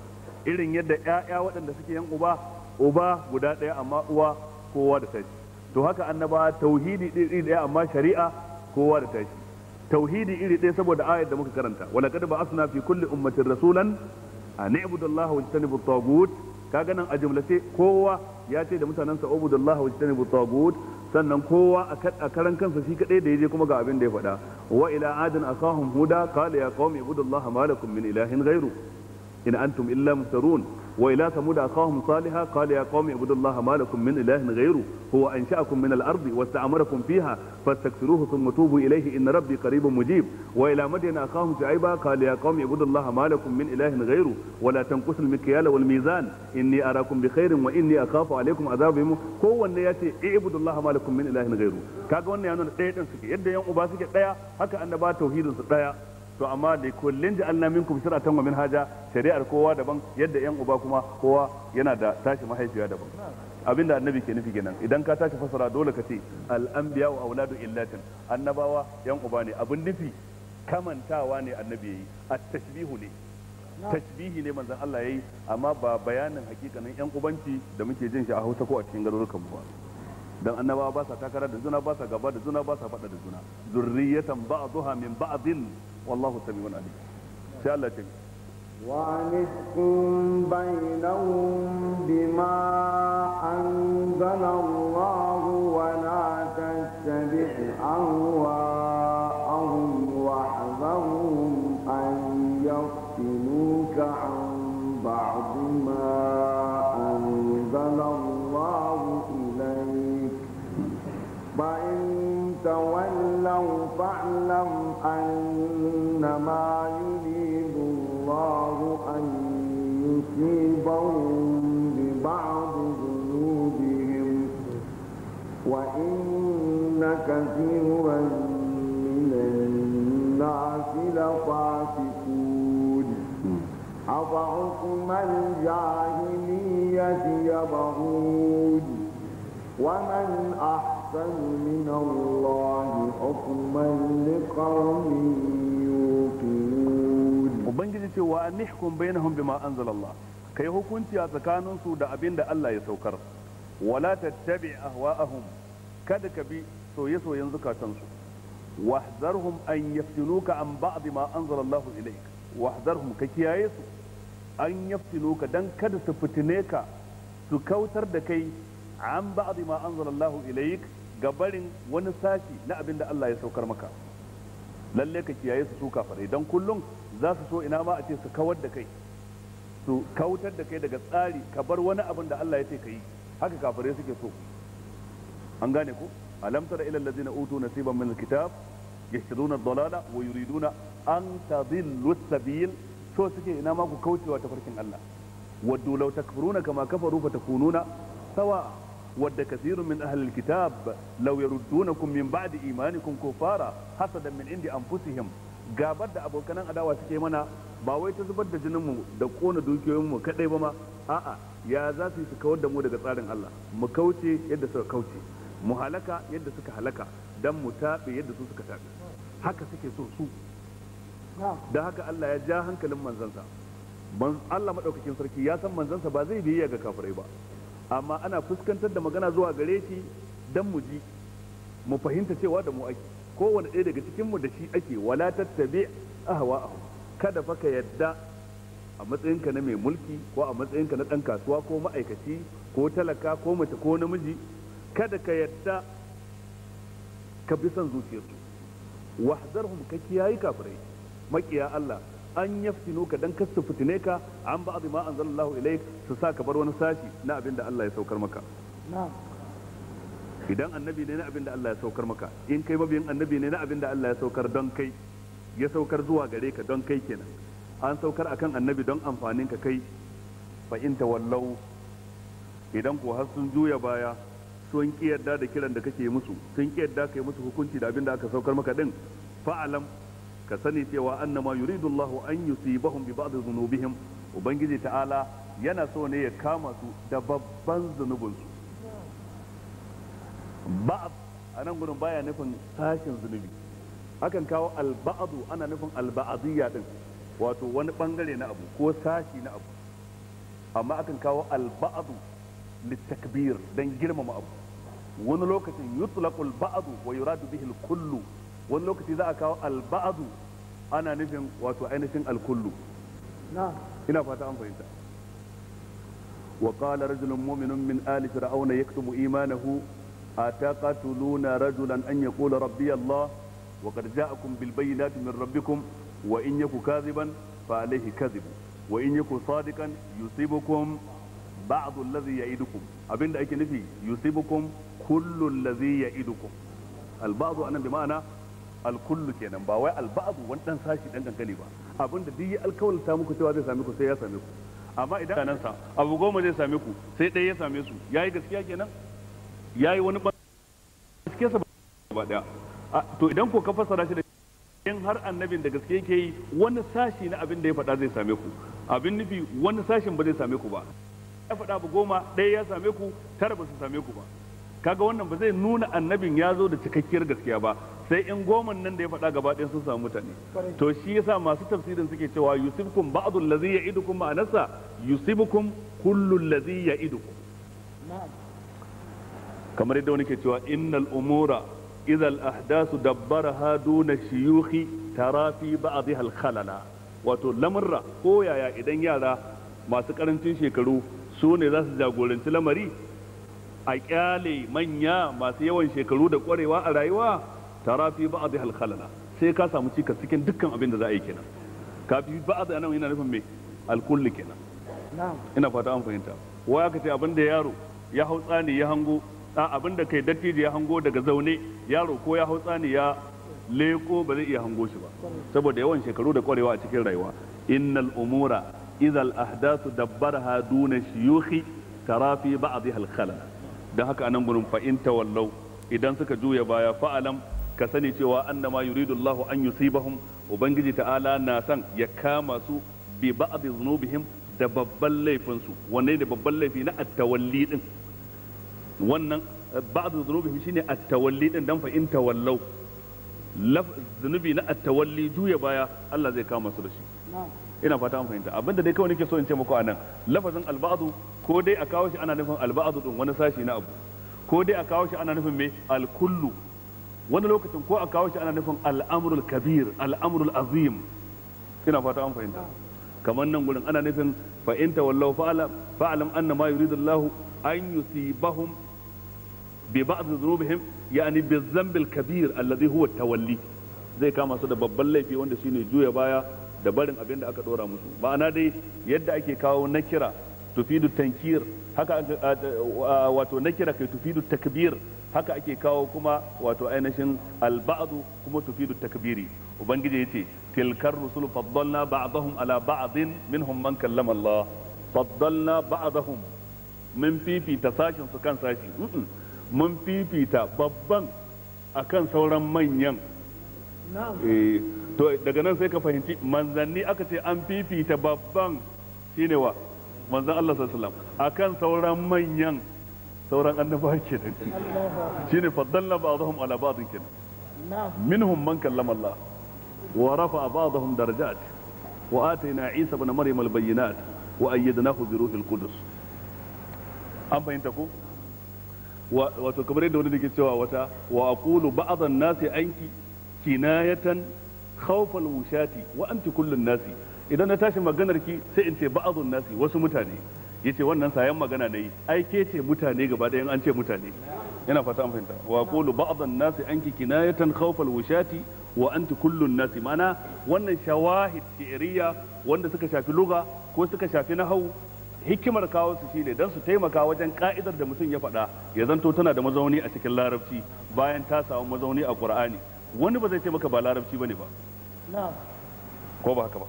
irin yadda 'ya'ya waɗanda suke yan uba uba guda ɗaya amma uwa kowa da tashi to haka annaba tauhidi iri ɗaya amma shari'a kowa da tashi tauhidi iri ɗaya saboda ayat da muka karanta wala kad ba asna fi kulli ummatin rasulan an ibudallaha wa tajtanibu at kaga nan a jumlace kowa ya ce da mutanen sa ubudullahi wajtanibu tagut sannan kowa a karan kansa shi kadai da yaje kuma ga abin da ya faɗa wa ila adin akahum huda qala ya qaumi ibudullaha ma lakum min ilahin ghairu in antum illa muftarun waila ila samud akahum saliha kaliya ya qaumi ibudullaha ma min ilahin gairu huwa ansha'akum min al-ard wa sta'amarakum fiha fastaghfiruhu thumma tubu ilayhi inna rabbi qaribun mujib wa ila madyan akahum shu'aiba qala ya ibudullaha ma min ilahin gairu wa la tanqusul mikyala wal mizan inni arakum bi khairin wa inni akhafu alaykum adhabahum kowanne yace ibudullaha ma lakum min ilahin gairu kaga wannan yana da ɗaya din suke yadda yan uba suke ɗaya haka an annaba tauhidin su ɗaya to amma da kullun ji Allah minkum siratan wa minhaja shari'ar kowa daban yadda yan uba kuma kowa yana da tashi mahaifiya daban abinda annabi ke nufi kenan idan ka tashi fasara dole ka ce al anbiya wa auladu illatin annabawa yan uba ne abin nufi kamantawa ne annabi yayi at tashbihu ne tashbihi ne manzon Allah yayi amma ba bayanin hakikanin yan ubanci da muke jin shi a Hausa ko a cikin garurukan mu ba dan annabawa ba sa takara da zuna ba sa gaba da zuna ba sa faɗa da juna zurriyatan ba'dhuha min ba'dhin wallahu samiun alim sai Allah ta وأنحكم بينهم بما أنزل الله ولا تتبع أهواءهم واحذرهم أن يفتنوك عن بعض ما أنزل الله إليك فإن تولوا فاعلم أن بعضهم ببعض ذنوبهم وإن كثيرا من الناس لفاسقون أفحكم الجاهلية يبغون ومن أحسن من الله حكما لقوم يوقنون وبنجد سوى أن بينهم بما أنزل الله kai hukunci a tsakaninsu da abin da Allah ya saukar wala tattabi ahwa'ahum kada ka bi soye-soyen zukatansu wahzarhum an yaftinuka an ba'd ma anzala Allah ilayk wahzarhum ka kiyaye su an yaftinuka dan kada su fitine ka su kautar da kai an ba'd ma anzala Allah ilayk gabarin wani sashi na abin da Allah ya saukar maka lalle ka kiyaye su su dan kullum za su so ina ma a ce su kawar da kai su kautar da kai daga tsari ka bar wani abin da Allah ya ce ka yi haka kafirai suke so an gane ko alam tara ila allazina utu nasiban min alkitab yashtaruna ad-dalala wa yuriduna an tadillu as-sabil so suke ina ma ku kaucewa ta farkin Allah waddu law takfuruna kama kafaru fatakununa sawa wadda kasirun min ahlil kitab law yaruddunakum min ba'di imanikum kufara hasadan min indi anfusihim gabar da abokanan adawa suke mana ba wai ta zubar da jinin mu da kona dukiyoyin mu kadai ba ma a'a ya za su yi su kawar da mu daga tsarin Allah mu kauce yadda suka kauce mu halaka yadda suka halaka dan mu tabe yadda su suka tabe haka suke so su da haka Allah ya ja hankalin manzansa Allah maɗaukakin sarki ya san manzansa ba zai biyayya ga kafirai ba amma ana fuskantar da magana zuwa gare shi dan mu ji mu fahimta cewa da mu ake kowane ɗaya daga cikinmu da shi ake wala tattabi ahwa'ahu kada fa ka yadda a matsayinka na mai mulki ko a matsayinka na ɗan kasuwa ko ma'aikaci ko talaka ko mace ko namiji kada ka yadda ka bi son zuciyarsu wahzarhum ka kiyaye kafirai makiya Allah an yaftino ka dan kasu fitine ka an ba'd ma anzalallahu ilai su sa ka bar wani sashi na abinda Allah ya saukar maka idan annabi ne na abin da Allah ya saukar maka in kai mabiyin annabi ne na abin da Allah ya saukar don kai ya saukar zuwa gare ka don kai kenan an saukar akan annabi don amfanin ka kai fa in tawallau idan ko har sun juya baya sun ki yarda da kiran da kake musu sun ki yarda kai musu hukunci da abin da aka saukar maka din fa'alam ka sani cewa annama yuridullahu an yusibahum bi ba'd dhunubihim ubangiji ta'ala yana so ne ya kama su da babban zunubinsu Ba'ad a nan gudun baya nufin sashen zunubi akan kawo alba'adu ana nufin alba'adiyya din wato wani bangare na abu ko sashi na abu amma akan kawo alba'adu litakbir don girmama abu wani lokacin yutlaqu alba'adu wa yuradu bihi alkullu wani lokaci za a kawo alba'adu ana nufin wato ainihin alkullu ina fata an fahimta وقال رجل مؤمن من آل فرعون yaktubu إيمانه أتقتلون رجلا أن يقول ربي الله وقد جاءكم بالبينات من ربكم وإن يك كاذبا فعليه كذب وإن يك صادقا يصيبكم بعض الذي يعيدكم أبين نفي يصيبكم كل الذي يعيدكم البعض أنا بمعنى ba wai cewa zai same ku sai ya same ku amma idan kanansa abu goma zai same ku sai ɗaya ya same su yi gaskiya kenan ya yi wani gaske sa ba daya to idan ko ka fassara shi da in har annabin da gaske yake yi wani sashi na abin da ya faɗa zai same ku abin nufi wani sashin ba zai same ku ba ya faɗa ba goma ɗaya ya same ku tara ba su same ku ba kaga wannan ba zai nuna annabin ya zo da cikakkiyar gaskiya ba sai in goman nan da ya faɗa gaba ɗaya sun samu mutane to shi yasa masu tafsirin suke cewa yusibkum ba'dul ladzi ya'idukum ma'anarsa yusibkum kullul ladzi ya'idukum na'am kamar yadda wani ke cewa innal umura idal ahdasu ahdasu ha duna shiyuhi tara fi ba'dha al khalala wato lamarra ko yaya idan yara masu karancin shekaru su ne za su jagoranci lamari a kyale manya masu yawan shekaru da kwarewa a rayuwa tara fi ba'dha al khalala sai ka samu cika cikin dukkan abin da za a yi kenan ka fi a nan yana nufin me al kenan ina fata an fahimta waya ya kace abin da yaro ya hau tsani ya hango a abin da kai dattijo ya hango daga zaune yaro ko ya hau tsani ya leko ba zai iya hango shi ba saboda yawan shekaru da kwarewa a cikin rayuwa innal umura idhal ahdathu dabbarha duna shuyukhi tara fi ba'dha al khala dan haka anan gurin fa in tawallau idan suka juya baya fa alam ka sani cewa annama yuridu Allah an yusibahum ubangiji ta'ala na san ya kama su bi ba'dhi dhunubihim da babban laifin su wanne da babban laifi na at-tawalli din wannan eh, ba'du dhunubihim shine at-tawalli din dan fa in tawallaw zunubi na at-tawalli juya baya Allah zai kama su da shi ina fata an fahimta abinda dai kawai nake so in ce muku anan lafazin al-ba'du ko dai a kawo shi ana nufin al-ba'du din wani sashi na abu ko dai a kawo shi ana nufin me al-kullu wani lokacin ko a kawo shi ana nufin al-amrul kabir al-amrul azim ina fata an fahimta kamar nan gurin ana nufin fa in tawallaw fa'alam fa'alam anna ma yuridu Allah an yusibahum bi ba'd dhunubihim yani bi dhanbil kabir alladhi huwa tawalli zai kama su da babban laifi wanda shine juya baya da barin abinda aka ɗora musu ma'ana dai yadda ake kawo nakira tufidu tankir haka wato nakira kai tufidu takbir haka ake kawo kuma wato ainihin alba'du kuma tufidu takbiri ubangiji yace tilkar rusul faddalna ba'dahum ala ba'din minhum man kallama Allah faddalna ba'dahum min fifita sashin su kan sashi mun fifita babban akan sauran manyan eh, to daga nan sai ka fahimci manzanni aka ce an fifita babban shine wa manzan Allah sallallahu akan sauran manyan sauran annabawa kenan shine faddalna ba'dahum ala ba'd kenan minhum man kallama Allah wa rafa'a ba'dahum darajat wa atayna Isa ibn Maryam al-bayyinat wa ayyadnahu bi ruhil qudus an fahimta ko wato kamar yadda wani da ke cewa wata wa aqulu ba'dhan nasi anki kinayatan khawfal wushati wa anti kullun nasi idan na tashi maganar ki sai in ce ba'dhan nasi wasu mutane yace wannan sayan magana ne ai ke ce mutane gaba ɗayan an ce mutane yana fata an fahimta wa qulu ba'dhan nasi anki kinayatan khawfal wushati wa anti kullun nasi mana wannan shawahid shi'riya wanda suka shafi lugha ko suka shafi nahwu hikimar kawo su shine don su taimaka wajen ka'idar da mutum ya faɗa ya zanto tana da mazauni a cikin larabci bayan ta samu mazauni a qur'ani wani ba zai ce maka ba larabci ne ba ko ba haka ba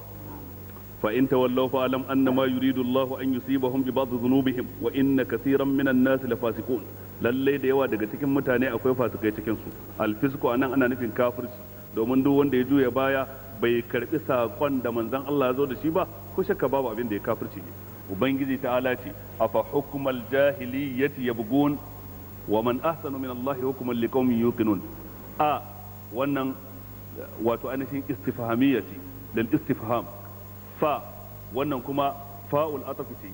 fa in tawallaw fa alam anna ma yuridu Allah an yusibahum bi ba'd dhunubihim wa inna kaseeran minan nas lafasiqun lalle da yawa daga cikin mutane akwai fasikai cikin su a anan ana nufin kafirci domin duk wanda ya juya baya bai karbi sakon da manzon Allah ya zo da shi ba ko shakka babu abin da ya kafirci ne ubangiji ta'ala ce afa hukmal jahiliyyati yabghun wa man ahsanu min Allah hukman liqaumin yuqinun a wannan wato ainihin istifhamiyya ce lil istifham fa wannan kuma fa'ul ataf ce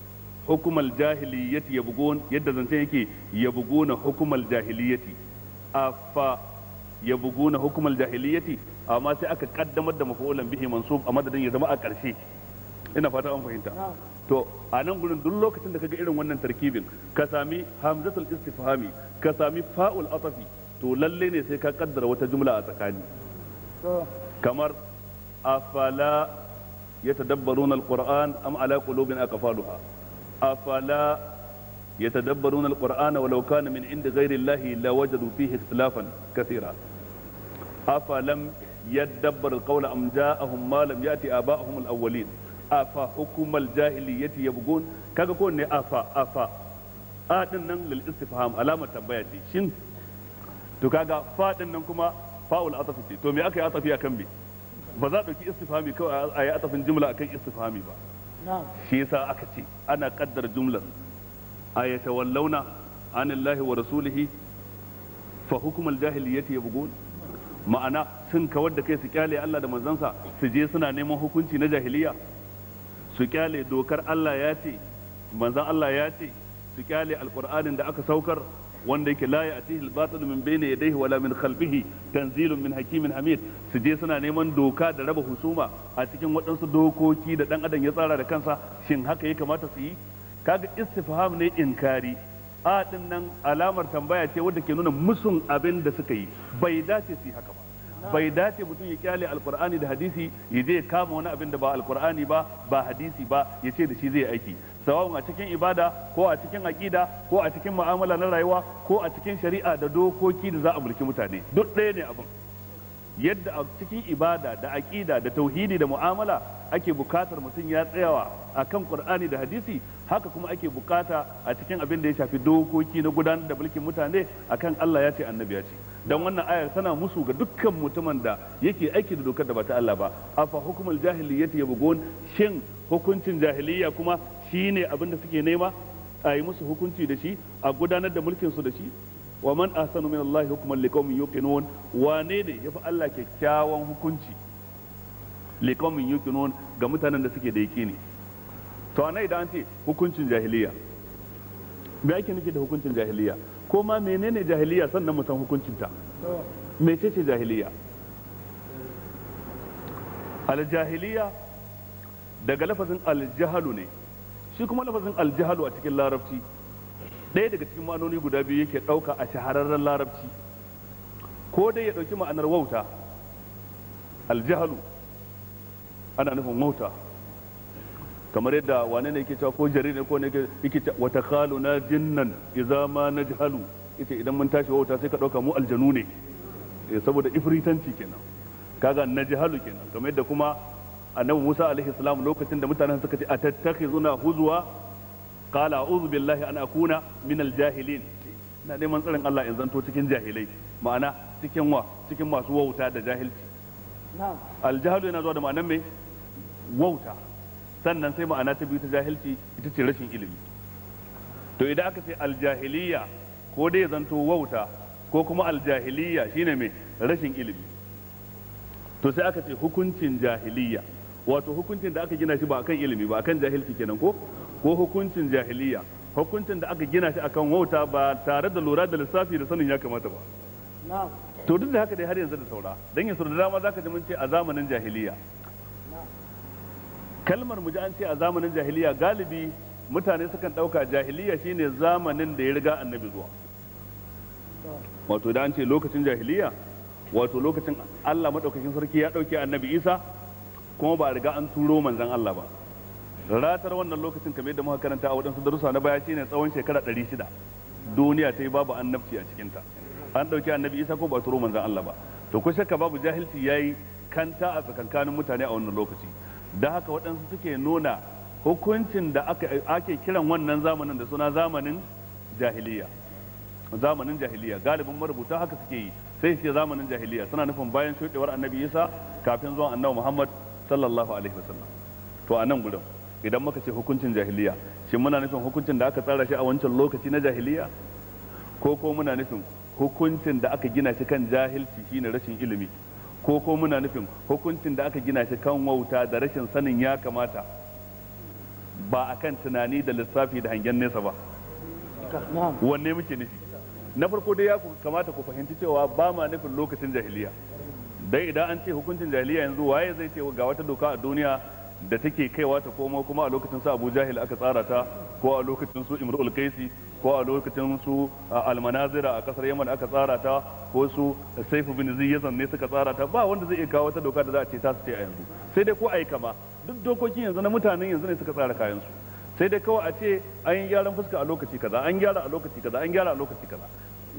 hukumal jahiliyyati yabghun yadda zancen yake yabghuna hukumal jahiliyyati afa yabghuna hukumar jahiliyyati amma sai aka kaddamar da mafu'ulan bihi mansub a madadin ya zama a ƙarshe ina fata an fahimta to a nan gurin duk lokacin da kaga irin wannan tarkibin ka sami hamzatul istifhami ka sami fa'ul atafi to lalle ne sai ka kaddara wata jumla a tsakani kamar afala yatadabbaruna alquran am ala qulubin aqfaluha afala yatadabbaruna alquran walau kana min inda ghairi allahi lawajadu fihi ikhtilafan kathira afalam yadabbar alqawla am ja'ahum ma lam ya'ti aba'ahum alawwalin afa hukumal jahiliyyati yabgun kaga ko ne afa afa a din nan lil istifham alamar tambaya ce shin to kaga fa din nan kuma fa'ul atafi ce to me aka yi atafi akan me ba za a dauki istifhami kawai a yi atafin jumla akan istifhami ba shi yasa aka ce ana kaddar jumlar ayatawallauna anillahi wa rasulihi fa hukumal jahiliyyati yabgun ma'ana sun kawar da kai su kyale Allah da manzansa su je suna neman hukunci na jahiliya su kyale dokar Allah ya ce manzan Allah ya ce su kyale alkur'anin da aka saukar wanda yake la a tihil batil min bayni yadayhi wala min khalfihi tanzilun min hakimin hamid su je suna neman doka da raba husuma a cikin waɗansu dokoki da dan adam ya tsara da kansa shin haka ya kamata su yi kaga istifham ne inkari a din nan alamar tambaya ce wadda ke nuna musun abin da suka yi bai dace su yi haka ba bai dace mutum ya kyale alkur'ani da hadisi ya je kama wani abin da ba alkur'ani ba ba hadisi ba ya ce da shi zai aiki sawa'un a cikin ibada ko a cikin aƙida ko a cikin mu'amala na rayuwa ko a cikin shari'a da dokoki da za a mulki mutane duk ɗaya ne abin yadda a cikin ibada da aƙida da tauhidi da mu'amala ake bukatar mutum ya tsayawa a kan ƙur'ani da hadisi haka kuma ake bukata a cikin abin da ya shafi dokoki na gudanar da mulkin mutane akan Allah ya ce annabi ya ce dan wannan aya tana musu ga dukkan mutumin da yake aiki da dokar da ba ta Allah ba afa hukumul jahiliyyati yabghun shin hukuncin jahiliyya kuma shine abin da suke nema a yi musu hukunci da shi a gudanar da mulkin su da shi wa man ahsanu min Allah hukuman liqaumin yuqinun wane ne yafi Allah kyakkyawan hukunci liqaumin yuqinun ga mutanen da suke da yaqini to anai idan an ce hukuncin jahiliya me ake nufi da hukuncin jahiliya ko ma menene jahiliya sannan mu san hukuncinta mece ce jahiliya aljahiliya daga lafazin aljahalu ne shi kuma lafazin aljahalu a cikin larabci ɗaya daga cikin ma'anoni guda biyu yake ɗauka a shahararren larabci ko dai ya ɗauki ma'anar wauta aljahalu ana nufin wauta kamar yadda wane ne yake cewa ko jari ne ko ne yake khalu na jinnan idza ma najhalu ita idan mun tashi wauta sai ka dauka mu aljanu ne eh, saboda ifritanci kenan kaga najhalu kenan kamar yadda kuma annabi Musa alaihi salam lokacin da mutanen suka ce atattakhizuna huzwa qala a'udhu billahi an akuna min aljahilin ina neman tsarin Allah in zanto cikin jahilai ma'ana cikin wa cikin masu wauta da jahilci aljahlu yana zuwa da ma'anar me wauta sannan sai ma'ana ta biyu ta jahilci ita ce rashin ilimi to idan aka ce aljahiliya ko dai zanto wauta ko kuma aljahiliya shine mai rashin ilimi to sai aka ce hukuncin jahiliya wato hukuncin da aka gina shi ba akan ilimi ba akan jahilci kenan ko ko hukuncin jahiliya hukuncin da aka gina shi akan wauta ba tare da lura da lissafi da sanin ya kamata ba to duk da haka dai har yanzu da saura dan yanzu da dama zaka ji mun ce a zamanin jahiliya kalmar mu ji an ce a zamanin jahiliya galibi mutane sukan ɗauka jahiliya shine zamanin da ya riga annabi zuwa wato da an ce lokacin jahiliya wato lokacin Allah maɗaukakin sarki ya ɗauke annabi isa kuma ba a riga an turo manzan Allah ba ratar wannan lokacin kamar yadda muka karanta a waɗansu darussa na baya shine tsawon shekara ɗari shida duniya ta yi babu annabci a cikinta an ɗauki annabi isa ko ba turo manzan Allah ba to ku shakka babu jahilci ya yi kanta a tsakankanin mutane a wannan lokaci da haka waɗansu suke nuna hukuncin da ake kiran wannan zamanin da suna zamanin jahiliya zamanin jahiliya galibin marubuta haka suke yi sai ce zamanin jahiliya suna nufin bayan shuɗewar annabi isa kafin zuwan annabi muhammad sallallahu alaihi wasallam to a nan gudun idan muka ce hukuncin jahiliya shi muna nufin hukuncin da aka tsara shi a wancan lokaci na jahiliya ko ko muna nufin hukuncin da aka gina shi kan jahilci shine rashin ilimi ko ko muna nufin hukuncin da aka gina shi kan wauta da rashin sanin ya kamata ba a kan tunani da lissafi da hangen nesa ba wanne muke nufi na farko dai ya kamata ku fahimci cewa ba ma nufin lokacin jahiliya dai idan an ce hukuncin jahiliya yanzu waye zai ce ga wata doka a duniya da take kaiwa ta komo kuma a lokacin sa Abu Jahil aka tsara ta ko a lokacin su Imrul Qaisi ko a lokacin su almanazira a kasar yaman aka tsara ta ko su saifu bin ziyazan ne suka tsara ta ba wanda zai iya kawo ta doka da za a ce ta su ce a yanzu sai dai ko a yi kama duk dokokin yanzu na mutanen yanzu ne suka tsara kayan su sai dai kawai a ce an yi gyaran fuska a lokaci kaza an gyara a lokaci kaza an gyara a lokaci kaza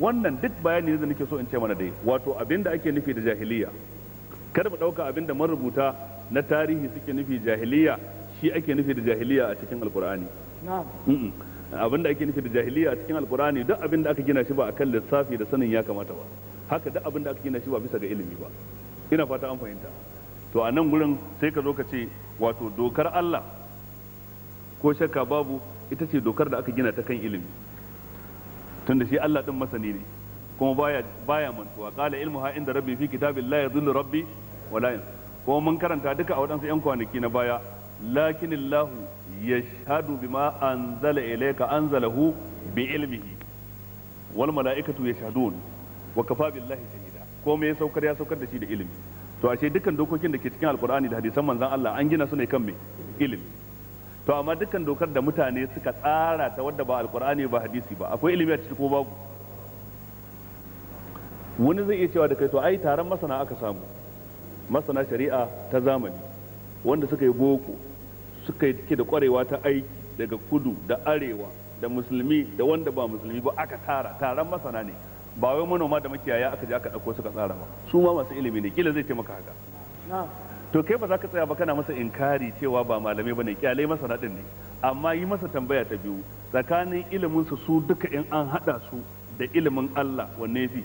wannan duk bayani ne da nake so in ce mana dai wato abin da ake nufi da jahiliya kada mu dauka abin da marubuta na tarihi suke nufi jahiliya shi ake nufi da jahiliya a cikin alkur'ani abin da ake nufi da jahiliya a cikin alkurani duk abin da aka gina shi ba a kan lissafi da sanin ya kamata ba haka duk abin da aka gina shi ba bisa ga ilimi ba ina fata an fahimta to a nan gurin sai ka zo ka ce wato dokar Allah ko shakka babu ita ce dokar da aka gina ta kan ilimi tunda shi Allah din masani ne kuma baya baya mantuwa qala ha inda rabbi fi la yadhillu rabbi wala yansa kuma mun karanta duka a waɗansu 'yan kwanaki na baya lakinillahu yashhadu bima anzala ilayka anzalahu bi ilmihi wal malaikatu yashhadun wa kafa billahi shahida komai saukar ya saukar da shi da ilimi to ashe dukkan dokokin da ke cikin alkur'ani da hadisan manzon Allah an gina su ne kan me ilimi to amma dukkan dokar da mutane suka tsara ta wadda ba alkur'ani ba hadisi ba akwai ilimi a ciki ko babu wani zai iya cewa da kai to ai taron masana aka samu masana shari'a ta zamani wanda suka yi boko suka yi da kwarewa ta aiki daga kudu da arewa da musulmi da wanda ba musulmi ba aka tara taron masana ne ba wai manoma da makiyaya aka je aka dauko suka tsara ba su ma masu ilimi ne kila zai ce maka haka to kai ba za ka tsaya ba kana masa inkari cewa ba malamai bane kyalai masana din ne amma yi masa tambaya ta biyu tsakanin ilimin su su duka in an hada su da ilimin Allah wanne yafi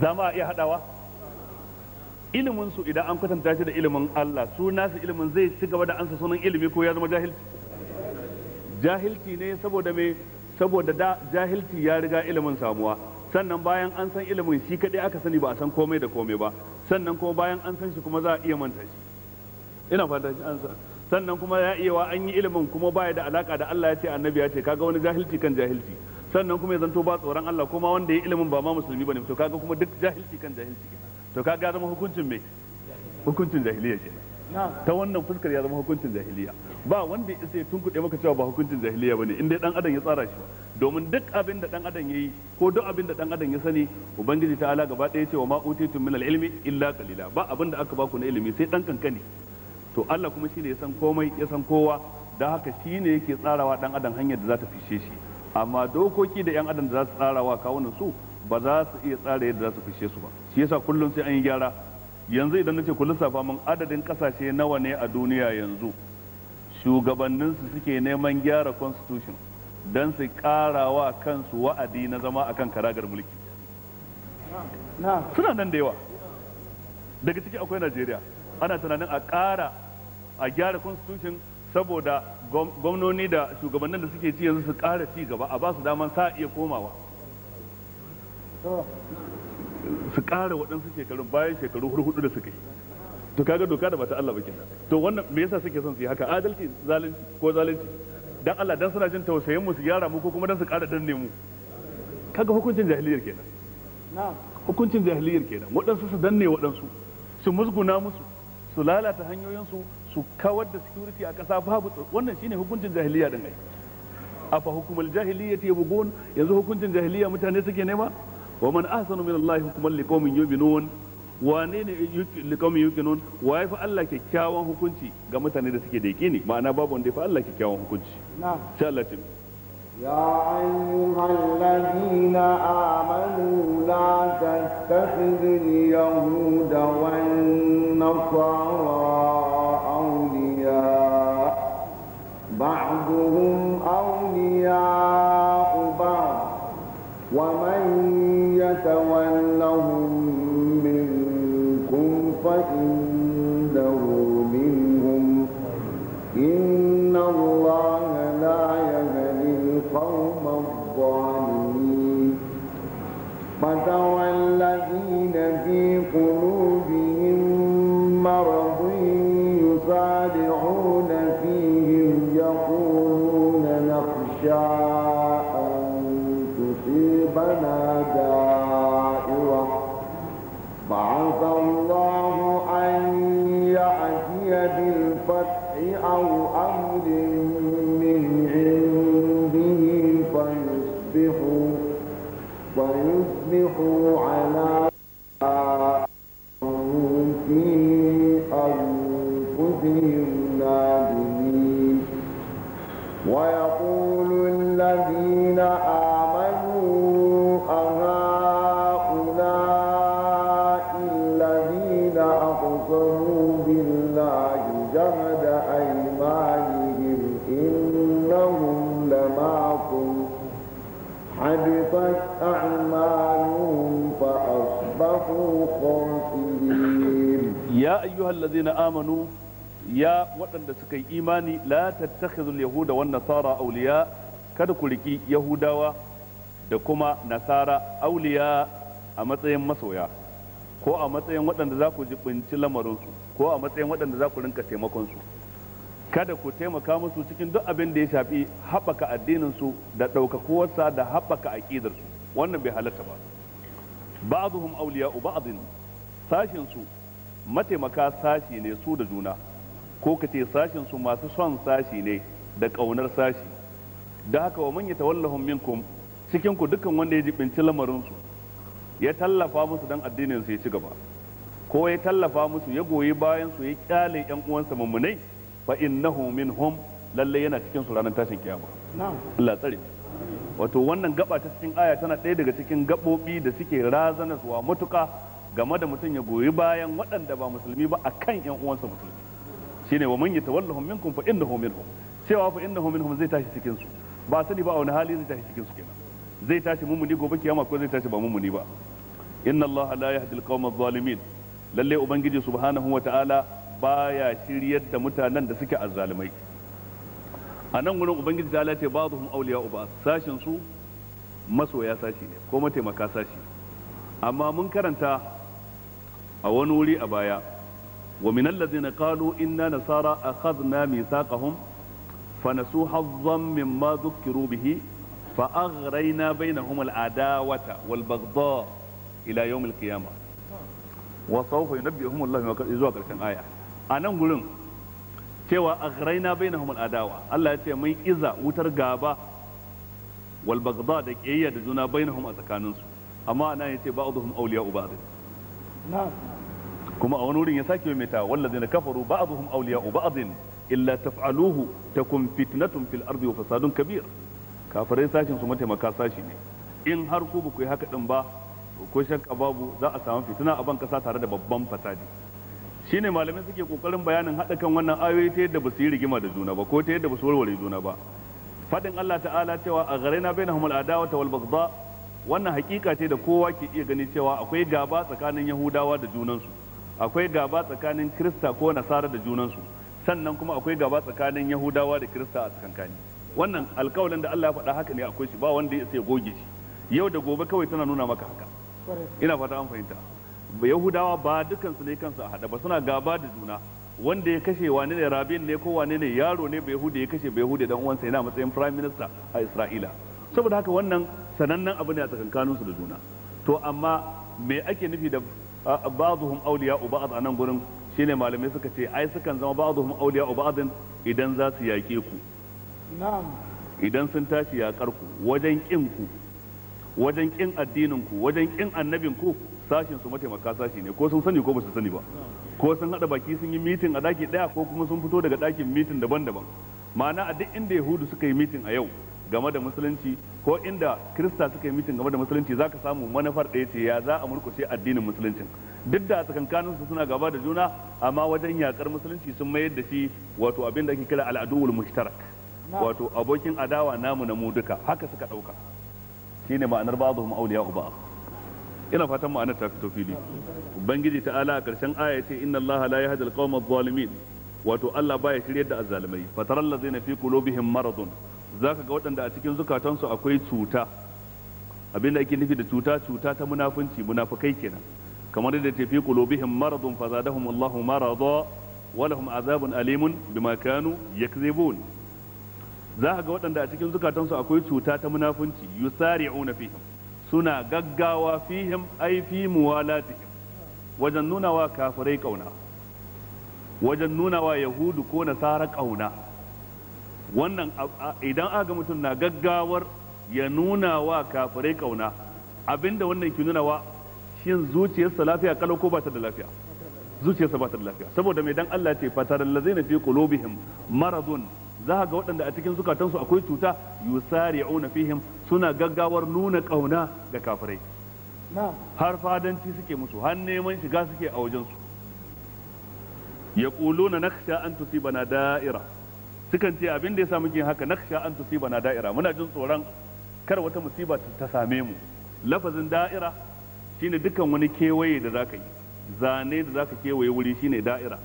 zama iya hadawa ilimin su idan an kwatanta shi da ilimin Allah su nasu ilimin zai ci gaba da ansa sunan ilimi ko ya zama jahilci jahilci ne saboda me saboda da jahilci ya riga ilimin samuwa sannan bayan an san ilimin shi kadai aka sani ba a san komai da komai ba sannan kuma bayan an san shi kuma za a iya manta shi ina fata shi an san sannan kuma ya iya wa an yi ilimin kuma baya da alaka da Allah ya ce annabi ya ce kaga wani jahilci kan jahilci sannan kuma ya zanto ba tsoron Allah kuma wanda ya ilimin ba ma musulmi bane to kaga kuma duk jahilci kan jahilci kenan to ka ya zama hukuncin me hukuncin jahiliya ke ta wannan fuskar ya zama hukuncin jahiliya ba wanda ya sai tun kuɗe maka cewa ba hukuncin jahiliya bane inda dan adam ya tsara shi domin duk abin da dan adam yayi ko duk abin da dan adam ya sani ubangiji ta ala gaba ɗaya cewa ma utitum min ilmi illa qalila ba abin da aka baku na ilimi sai dan kankani to Allah kuma shine ya san komai ya san kowa da haka shine yake tsarawa dan adam hanyar da za ta fishe shi amma dokoki da yan adam da za su tsarawa kawunan su ba za su iya tsara yadda za su fishe su ba shi yasa kullum sai an yi gyara yanzu idan nace kullum safa mun adadin kasashe nawa ne a duniya yanzu shugabanninsu suke neman gyara constitution don su karawa kansu wa'adi na zama akan karagar mulki suna nan da yawa daga ciki akwai najeriya ana tunanin a kara a gyara constitution saboda gwamnoni da shugabannin da suke ci yanzu su kara ci gaba a ba su daman sa iya komawa su ƙara waɗansu shekarun bayan shekaru hudu da suka yi to kaga doka da bata Allah ba kenan to wannan me yasa suke son su yi haka adalci zalunci ko zalunci dan Allah dan suna jin tausayin mu su gyara mu ko kuma dan su ƙara danne mu kaga hukuncin jahiliyar kenan na'am hukuncin jahiliyar kenan waɗansu su danne waɗansu su musguna musu su lalata hanyoyinsu su kawar da security a ƙasa babu wannan shine hukuncin jahiliya din ai afa hukumul jahiliyyati yabghun yanzu hukuncin jahiliya mutane suke nema wa man ahsanu min Allah hukman liqaumin yu'minun wane ne liqaumin yu'minun wa yafi Allah kyakkyawan hukunci ga mutane da suke da kini ma'ana babu wanda fa Allah kyakkyawan hukunci na'am يا أيها الذين آمنوا لا اليهود والنصارى أولياء بعضهم أولياء salmo وَأَنفِقُوا عَلَى فِي أَنفُسِهِمْ نَادِمِينَ وَيَقُولُ الَّذِينَ آمَنُوا أَهَٰؤُلَاءِ الَّذِينَ أَقْسَمُوا بِاللَّهِ جَهْدَ أَيْمَانِهِمْ إِنَّهُمْ لَمَعَكُمْ حَبِطَتْ أَعْمَالُهُمْ رؤوف رحيم يا أيها الذين آمنوا يا وطن سكي إيماني لا تتخذوا اليهود والنصارى أولياء kada ku riki Yahudawa da kuma Nasara auliya a matsayin masoya ko a matsayin waɗanda za ku jibinci lamarinsu ko a matsayin waɗanda za ku rinka taimakonsu kada ku taimaka musu cikin duk abin da ya shafi haɓaka addininsu da ɗaukakuwarsa da haɓaka aƙidarsu wannan bai halatta ba ba'dhum awliya'u ba'd sashin su mataimaka sashi ne su da juna ko kace sashin su masu son sashi ne da kaunar sashi da haka wa man yatawallahum minkum cikin ku dukkan wanda ya jibinci lamarin su ya tallafa musu dan addinin su ya ci gaba ko ya tallafa musu ya goyi bayan su ya kyale yan uwansa mummunai fa innahu minhum lalle yana cikin su ranar tashin kiyama Allah tsare wato wannan gaba ta cikin aya tana ɗaya daga cikin gaɓoɓi da suke razanarwa matuka game da mutum ya goyi bayan waɗanda ba musulmi ba a kan ‘yan uwansa musulmi shine wa man yatawallahum minkum fa innahu minhum cewa fa innahu minhum zai tashi cikin su ba sani ba a wani hali zai tashi cikin su kenan zai tashi mummuni gobe kiyama ko zai tashi ba mummuni ba inna allaha la yahdi alqawma adh-dhalimin lalle ubangiji subhanahu wa ta'ala baya shiryar da mutanen da suke azzalumai a nan wurin ubangiji ta lace ba zuhun auliya uba sashin su masoya sashi ne ko mataimaka sashi amma mun karanta a wani wuri a baya wa min allazina qalu inna nasara akhadna mithaqahum fa nasu hazzan ma dhukkiru bihi fa aghrayna bainahum al-adawata wal baghdha ila yawm al-qiyamah wa sawfa yunabbi'uhum Allahu zuwa karshen aya a nan gurin cewa a aghraina bainahum adawa Allah ya ce mun iza wutar gaba wal da kiyayya da juna bainahum a tsakaninsu amma ana yace ba'dhum awliya'u ba'd na'am kuma a wani wurin ya sake maimaita wallazina kafaru ba'dhum awliya'u ba'd illa taf'aluhu ta fitnatun fil ardi wa fasadun kabir kafirai sashin su mataimaka sashi ne in har ku ba ku yi haka din ba ko shakka babu za a samu fitina a ban kasa tare da babban fasadi shine malamai suke kokarin bayanin hada kan wannan ayoyi ta yadda ba su yi rigima da juna ba ko ta yadda ba su warware juna ba fadin Allah ta'ala cewa a na bainahum al'adawa wal baghdha wannan hakika ce da kowa ke iya gani cewa akwai gaba tsakanin Yahudawa da junansu akwai gaba tsakanin Kirista ko Nasara da junansu sannan kuma akwai gaba tsakanin Yahudawa da Kirista a tsakankani wannan alkawalin da Allah ya faɗa haka ne akwai shi ba wanda ya sai goge shi yau da gobe kawai tana nuna maka haka ina fata an fahimta yahudawa ba dukansu ne kansu a hada ba suna gaba da juna wanda ya kashe wane ne rabin ne ko wane ne yaro ne bai hude ya kashe bai hude dan uwansa yana matsayin prime minister a isra'ila saboda haka wannan sanannen abu ne a tsakankanin su da juna to amma me ake nufi da ba'dhum awliya ba'd a nan gurin shine malamai suka ce ai sukan zama ba'dhum awliya ba'd idan za su yaƙe ku idan sun tashi yaƙar ku wajen kin ku wajen kin addinin ku wajen kin annabin ku sashin su mataimaka sashi ne ko sun sani ko ba su sani ba ko sun hada baki sun yi mitin a daki daya ko kuma sun fito daga dakin mitin daban-daban ma'ana a duk inda yahudu suka yi mitin a yau game da musulunci ko inda krista suka yi mitin game da musulunci za ka samu manufar ɗaya ce ya za a murkushe addinin musuluncin duk da tsakankanin su suna gaba da juna amma wajen yakar musulunci sun mayar da shi wato abin da ake kira al'adul mushtarak wato abokin adawa namu na mu duka haka suka ɗauka shine ma'anar ba'dhum awliya'u ba'd ina fatan ma'anar ta fito fili ubangiji ta'ala a karshen aya ce inna allaha la yahdi alqawma adh-dhalimin wato Allah baya shiryar da azzalimai fataral ladzina fi qulubihim maradun zaka ga waɗanda a cikin zukatansu akwai cuta abin da ake nufi da cuta cuta ta munafunci munafukai kenan kamar da ta fi qulubihim maradun fazadahum Allahu marada wa lahum azabun alimun bima kanu yakzibun zaka ga waɗanda a cikin zukatansu akwai cuta ta munafunci yusari'una fihim suna gaggawa fihim ai fi muwalatihim wajen nuna wa kafirai kauna wajen nuna wa yahudu ko nasara kauna wannan idan aga mutum na gaggawar ya nuna wa kafirai kauna abinda wannan ke nuna wa shin zuciyarsa lafiya kala ko ba ta da lafiya zuciyarsa ba ta da lafiya saboda mai dan Allah ce fatar allazina fi qulubihim maradun za ga waɗanda a cikin zukatansu akwai cuta auna fihim suna gaggawar nuna kauna ga kafirai har fadanci suke musu har neman shiga suke a wajensu na nakhsha an bana da'ira sukan ce abin da samu muke haka nakhsha an bana da'ira muna jin tsoron kar wata musiba ta same mu lafazin da'ira shine dukkan wani kewaye da za ka yi zane da za ka kewaye wuri shine da'ira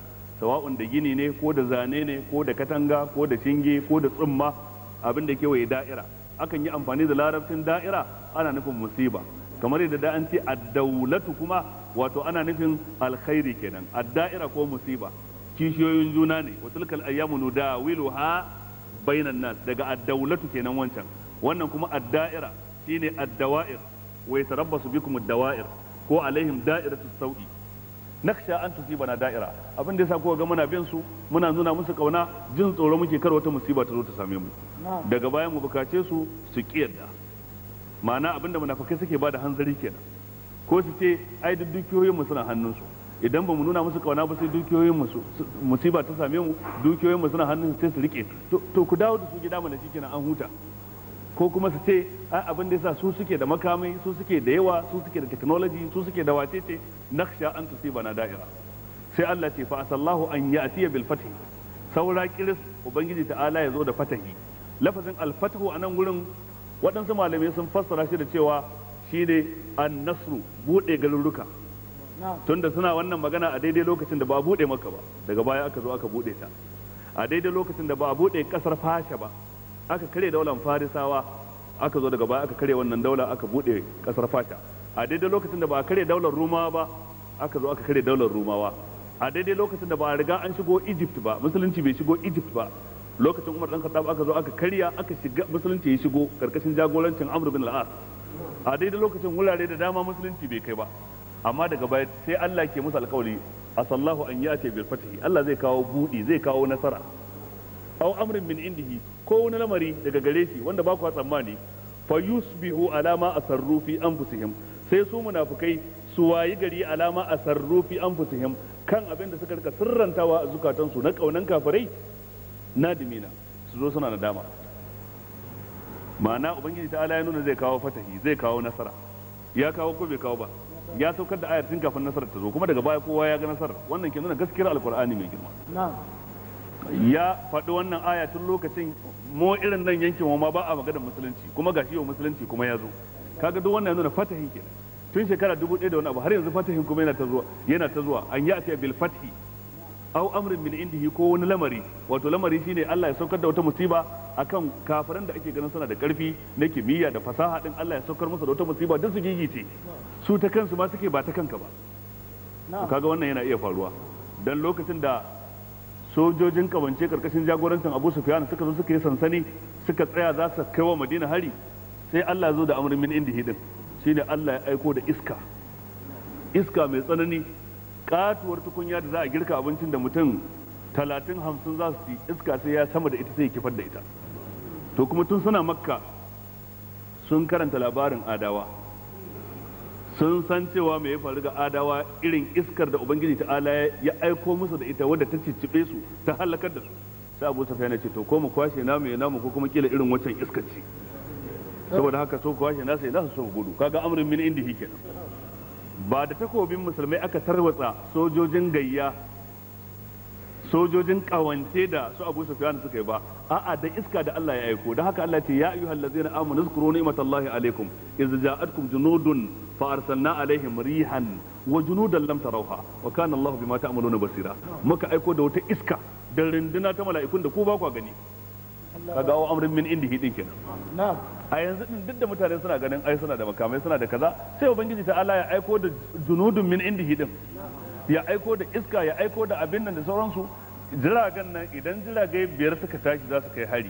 sawa'un da gini ne ko da zane ne ko da katanga ko da shinge ko da tsumma abin da kewaye da'ira akan yi amfani da larabcin da'ira ana nufin musiba kamar yadda da an ce addaulatu kuma wato ana nufin alkhairi kenan adda'ira ko musiba kishiyoyin juna ne wa tilkal ayyamu nudawiluha bainan nas daga addaulatu kenan wancan wannan kuma adda'ira shine addawa'ir wa yatarabbasu bikum dawa'ir ko alaihim da'iratu sau'i naksha an tusibana da'ira abin da yasa kuka ga muna bin su muna nuna musu kauna jin tsoro muke kar wata musiba ta zo ta same mu daga bayan mu bukace su su kiyarda ma'ana abin da munafikai suke bada hanzari kenan ko su ce ai duk dukiyoyin mu suna hannun su idan ba mu nuna musu kauna ba sai dukiyoyin mu musiba ta same mu dukiyoyin mu suna hannun sai su rike to ku dawo da su gida mana kenan an huta ko kuma su ce an abin da yasa su suke da makamai su suke da yawa su suke da technology su suke da wacece nakhsha an bana da'ira sai Allah ce fa asallahu an ya'tiya bil fathi saura kiris ubangiji ta'ala ya zo da fatahi lafazin al fathu anan wurin waɗansu malamai sun fassara shi da cewa shine an nasru buɗe garuruka tunda suna wannan magana a daidai lokacin da ba a bude maka ba daga baya aka zo aka bude ta a daidai lokacin da ba a bude kasar fasha ba aka kare daular farisawa aka zo daga baya aka kare wannan daular aka bude kasar fasha a daidai lokacin da ba a kare daular rumawa ba aka zo aka kare daular rumawa a daidai lokacin da ba a riga an shigo egypt ba musulunci bai shigo egypt ba lokacin umar dan khattab aka zo aka karya aka shiga musulunci ya shigo karkashin jagorancin amr bin al-as a daidai lokacin wurare da dama musulunci bai kai ba amma daga baya sai Allah ke musu alkawari asallahu an yati bil fathi Allah zai kawo budi zai kawo nasara aw amrin min indihi ko wani lamari daga gare shi wanda ba ku tsammani fa yusbihu alama asarru fi anfusihim sai su munafikai su wayi gari alama asarru fi anfusihim kan abin da suka rika sirrantawa a zukatansu na kaunan kafirai dimina, su zo suna nadama ma'ana ubangiji ta ala ya nuna zai kawo fatahi zai kawo nasara ya kawo ko bai kawo ba ya saukar da ayar tun kafin nasarar ta zo kuma daga baya kowa ya ga nasarar wannan ke nuna gaskiyar alkur'ani mai girma ya faɗi wannan aya tun lokacin mu irin nan yankin ma ba a maganar musulunci kuma shi yau musulunci kuma ya zo kaga duk wannan nuna fatahin ke tun shekara dubu ɗaya da wani abu har yanzu fatahin kuma yana ta zuwa yana ta zuwa an yi ta bil fathi au amrin min indihi ko wani lamari wato lamari shine Allah ya saukar da wata musiba akan kafiran da ake ganin suna da karfi na kimiyya da fasaha din Allah ya saukar musu da wata musiba don su gigice su ta kansu ma suke ba ta kanka ba kaga wannan yana iya faruwa dan lokacin da sojojin kawance karkashin jagorancin abu sufyan suka zo suka yi sansani suka tsaya za su kai wa madina hari sai allah zo da amurin min indihi din shine allah ya aiko da iska iska mai tsanani katuwar tukunya da za a girka abincin da mutum talatin hamsin za su fi iska sai ya sama da ita sai ya kifar da ita to kuma tun suna makka sun karanta labarin adawa sun san cewa mai ya faru ga adawa irin iskar da ubangiji ta ala ya aiko musu da ita wadda ta ciccibe su ta halakar da su sai abu safiya na ce to ko mu kwashe namu ya namu ko kuma kila irin wancan iskar ce saboda haka so kwashe nasa ya so gudu kaga amrin min indihi kenan ba da takobin musulmai aka tarwatsa sojojin gayya sojojin kawance da su Abu Sufyan suka yi ba a'a da iska da Allah ya aiko da haka Allah ce ya ayyuhal ladzina amanu zkuru ni'matallahi alaikum iz ja'atkum junudun fa arsalna alaihim rihan wa junudan lam tarawha wa kana Allah bima ta'maluna basira muka aiko da wata iska da rinduna ta mala'ikun da ku ba ku gani kaga wa amrin min indihi din kenan na'am a yanzu din duk da mutane suna ganin ai suna da makamai suna da kaza sai ubangiji ta Allah ya aiko da junudun min indihi din ya aiko da iska ya aiko da abin nan da sauransu jiragen nan idan jirage biyar suka tashi za su kai hari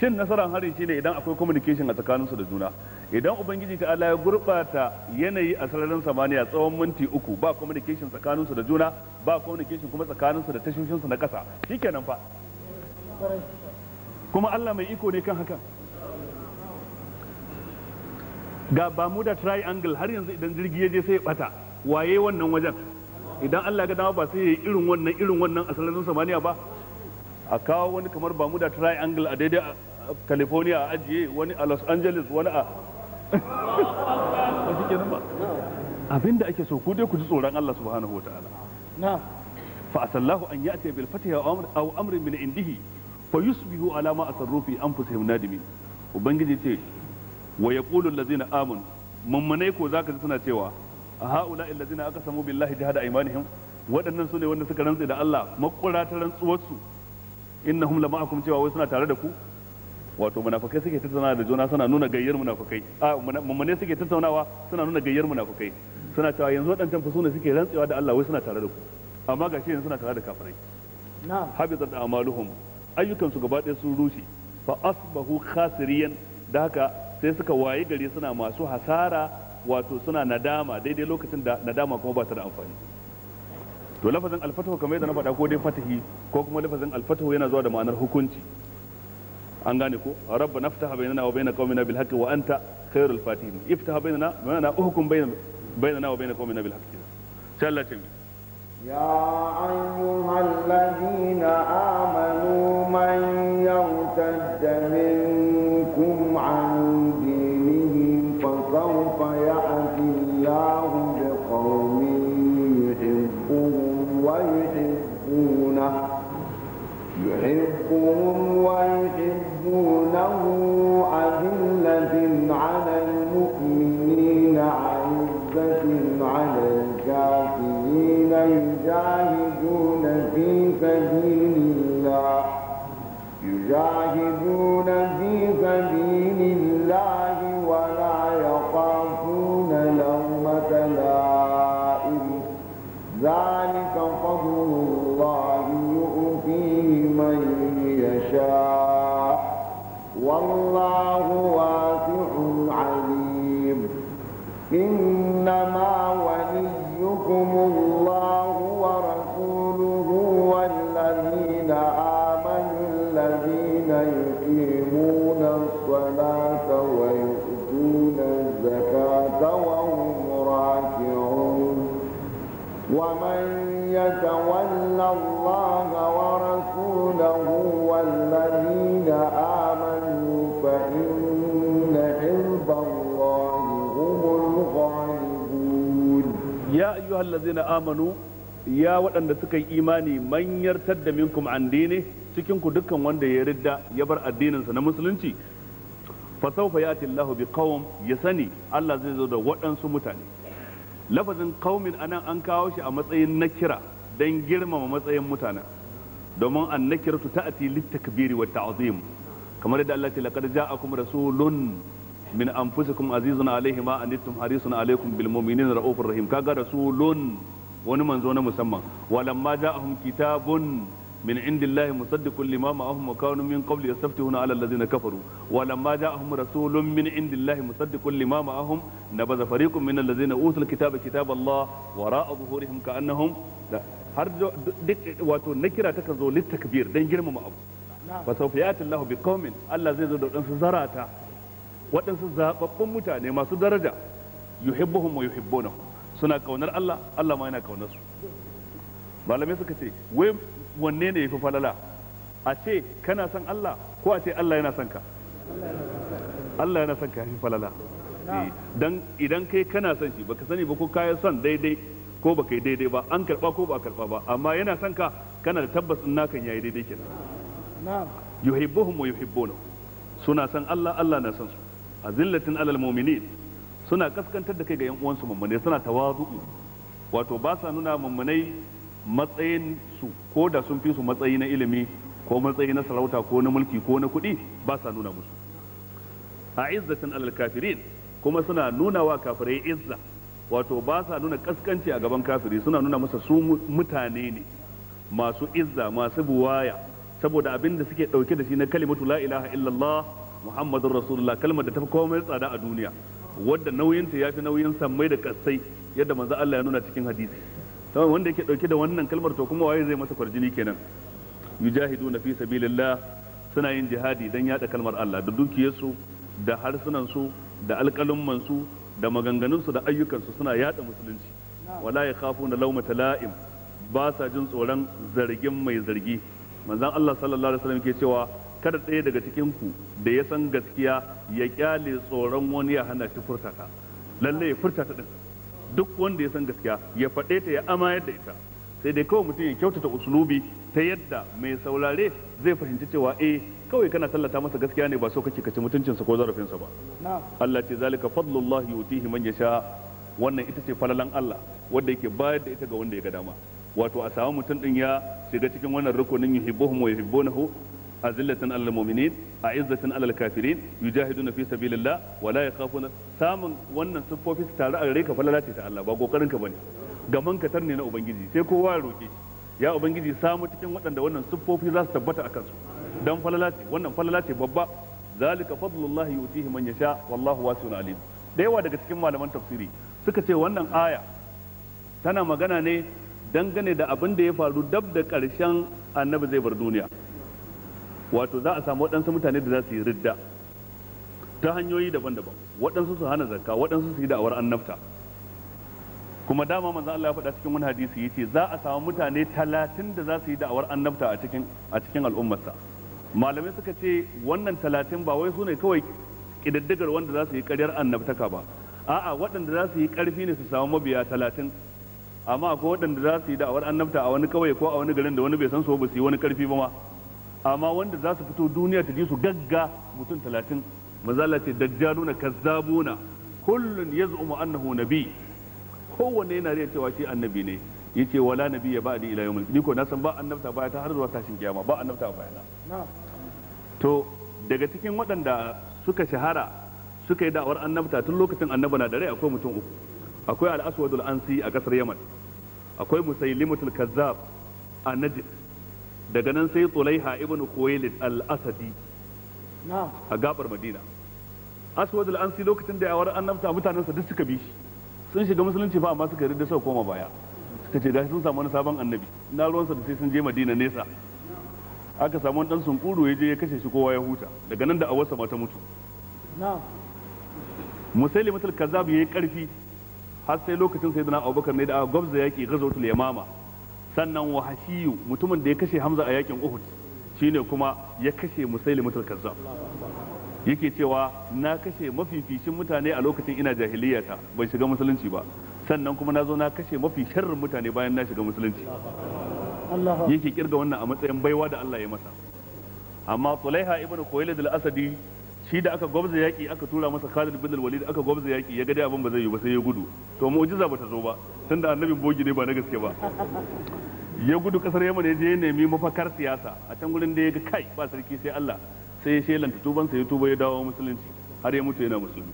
cin nasarar hari shine idan akwai communication a tsakaninsu da juna idan ubangiji ta ala ya gurbata yanayi a sararin samaniya tsawon minti uku ba communication tsakaninsu da juna ba communication kuma tsakaninsu da tashoshinsu na kasa shi shikenan fa kuma Allah mai iko ne kan haka ga da triangle har yanzu idan jirgi ya je sai ya bata waye wannan wajen idan Allah ga dama ba sai ya yi irin wannan irin wannan a sararin samaniya ba a kawo wani kamar ba mu da triangle a daidai a California a ajiye wani a Los Angeles wani a abin da ake so ku dai ku ji tsoron Allah subhanahu wa ta'ala na fa asallahu an ya'ti bil fatiha aw amrin min indihi fa yusbihu ala ma asarrufi fi anfusihim nadimin ubangiji ce wa yaqulu allazina amanu mummunai ko zaka ji suna cewa haula alladhina aqsamu billahi jahada aymanihim waɗannan su ne wanda suka rantse da Allah makura ta rantsuwarsu innahum lama'akum cewa wai suna tare da ku wato munafikai suke tattaunawa da juna suna nuna gayyar munafikai a mummune suke tattaunawa suna nuna gayyar munafikai suna cewa yanzu waɗancan fa sune suke rantsewa da Allah wai suna tare da ku amma gashi yanzu suna tare da kafirai na'am habizat amaluhum ayyukan su gaba ɗaya sun rushe fa asbahu khasiriyan da haka sai suka waye gari suna masu hasara wato suna nadama daidai lokacin da nadama kuma ba ta da amfani to lafazin alfatahu kamar yadda na faɗa ko dai fatahi ko kuma lafazin alfatahu yana zuwa da ma'anar hukunci an gane ko rabba naftaha bainana wa bainaka qaumina bil haqqi wa anta khairul fatihin iftaha bainana ma'ana uhkum bainana wa bainaka qaumina bil haqqi sai Allah ya ayyuhal ladina amanu man من يحبكم ويحبونه ayyuhal na amanu ya waɗanda suka yi imani manyar yartar da minkum an cikin ku dukkan wanda ya ridda ya bar addininsa na musulunci fa sawfa yati Allahu bi qaum ya sani Allah zai zo da waɗansu mutane lafazin qaumin anan an kawo shi a matsayin nakira dan girmama matsayin mutane domin an nakiratu ta'ati lit takbiri wat ta'zim kamar yadda Allah ya ce laqad ja'akum rasulun min anfusikum azizun alaihi ma anittum harisun alaikum bil mu'minin raufur rahim kaga rasulun wani manzo na musamman walamma ja'ahum kitabun من عند الله مصدق لما معهم وكانوا من قبل يستفتحون على الذين كفروا ولما جاءهم رسول من عند الله مصدق لما معهم نبذ فريق من الذين اوتوا الكتاب كتاب الله وراء ظهورهم كانهم har duk wato nakira takan zo littakbir dan girmama abu fa sawfa yati Allahu bi Allah zai zo da dan zarata waɗansu zaɓaɓɓun mutane masu daraja yuhibbuhum wa yuhibbunahum suna kaunar Allah Allah ma yana kaunar su malamai suka ce wai wanne ne yafi falala a ce kana son Allah ko a ce Allah yana son ka Allah yana son ka yafi falala eh, dan idan kai kana son shi baka sani ba ko kayan son daidai ko baka yi daidai ba an karba ko ba karba ba amma yana son ka kana da tabbas in nakan yayi daidai kenan yuhibbuhum wa yuhibbuna suna son Allah Allah na son su azillatin alal mu'minin suna kaskantar da kai ga yan uwansu mummune suna tawazu'u wato ba sa nuna mummunai matsayin su ko da sun fi su matsayi na ilimi ko matsayi na sarauta ko na mulki ko na kuɗi ba sa nuna musu a izzatin alal kafirin kuma suna nuna wa kafirai izza wato ba sa nuna kaskanci a gaban kafiri suna nuna masa su mutane ne masu izza masu buwaya saboda abin da suke dauke da shi na kalimatu la ilaha illallah muhammadun rasulullah kalmar da ta fi komai tsada a duniya wadda nauyinta ya fi nauyin sammai da kasai yadda manzo Allah ya nuna cikin hadisi to wanda yake dauke da wannan kalmar to kuma waye zai masa kwarjini kenan yujahiduna fi sabilillah suna yin jihadi dan yada kalmar Allah da dukiyarsu da harsunan su da alƙalumman da maganganunsu da ayyukan su suna yada musulunci wala ya yakhafuna lawmata la'im ba sa jin tsoron zargin mai zargi manzon Allah sallallahu alaihi wasallam ke cewa kada tsaye daga cikin ku da ya san gaskiya ya kyale tsoron wani ya hana shi furtata lalle ya furtata din duk wanda ya san gaskiya ya faɗe ta ya ama yadda ita sai dai kawai mutum ya kyautata usulubi ta yadda mai saurare zai fahimci cewa eh kawai kana tallata masa gaskiya ne ba so kake kace mutuncinsa ko zarafinsa ba Allah ce zalika fadlullahi yutihi man yasha wannan ita ce falalan Allah wanda yake bayar da ita ga wanda ya ga dama wato a samu mutum din ya shiga cikin wannan rukunin yuhibbuhum wa yuhibbunahu a azillatin alal mu'minin a'izzatin alal kafirin yujahiduna fi sabilillah wa la samun wannan siffofi tare a gare ka falala ce ta Allah ba kokarin ka bane gaman mankatar ne na ubangiji sai kowa ya roke ya ubangiji samu cikin waɗanda wannan siffofi za su tabbata akan su dan wannan falala ce babba zalika fadlullahi yutihi man yasha wallahu wasi'un alim da yawa daga cikin malaman tafsiri suka ce wannan aya tana magana ne dangane da abin da ya faru dab da karshen annabi zai bar duniya wato za a samu waɗansu mutane da za su yi ridda ta hanyoyi daban-daban waɗansu su hana zakka waɗansu su yi da'awar annabta kuma dama manzo Allah ya faɗa cikin wani hadisi yace za a samu mutane talatin da za su yi da'awar annabta a cikin a cikin al'ummarsa malamai suka ce wannan talatin ba wai su ne kawai kididdigar wanda za su yi ƙaryar annabtaka ba a'a waɗanda za su yi ƙarfi ne su samu mabiya talatin amma akwai waɗanda za su yi da'awar annabta a wani kawai ko a wani garin da wani bai san so ba su yi wani ƙarfi ba ma amma wanda za su fito duniya ta ji su gagga mutum talatin mazala ce na kazzabuna kullun yaz'umu annahu nabi kowanne yana rai cewa shi annabi ne yace wala nabi ya ba'di ila yawmil ni ko na san ba annabta baya ta har zuwa tashin kiyama ba annabta ya na. to daga cikin waɗanda suka shahara suka yi da'awar annabta tun lokacin annaba na da rai akwai mutum uku akwai al-aswadul ansi a kasar yaman akwai musaylimatul kazzab a najd daga nan sai tsulaiha ibn khuwailid al-asadi a gabar madina aswad al-ansi lokacin da yawar annabta mutanen sa duk suka bi shi sun shiga musulunci fa amma suka rinda suka koma baya suka ce da sun samu wani sabon annabi na sa da sai sun je madina nesa aka samu dan kuro ya je ya kashe shi kowa ya huta daga nan da awarsa ma ta mutu musaili mutul kazzab yayi karfi har sai lokacin sayyidina abubakar ne da gwabza yaki ghazwatul yamama sannan wahashiyu mutumin da ya kashe hamza a yakin uhud shine kuma ya kashe musailimatul kazzab yake cewa na kashe mafificin mutane a lokacin ina jahiliyata bai shiga musulunci ba sannan kuma na zo na kashe mafi sharrin mutane bayan na shiga musulunci yake kirga wannan a matsayin baiwa da Allah ya masa amma Tulaiha ibn Khuwailid al-Asadi shi da aka gwabza yaki aka tura masa Khalid bin Walid aka gwabza yaki ya ga dai abin ba zai yi ba sai ya gudu to mu'jiza bata ta zo ba tunda annabin bogi ne ba na gaske ba ya gudu kasar Yaman ya je ya nemi mafakar siyasa a can gurin da ya ga kai ba sarki sai Allah sai ya shelanta tuban sa ya tuba ya dawo musulunci har ya mutu yana musulmi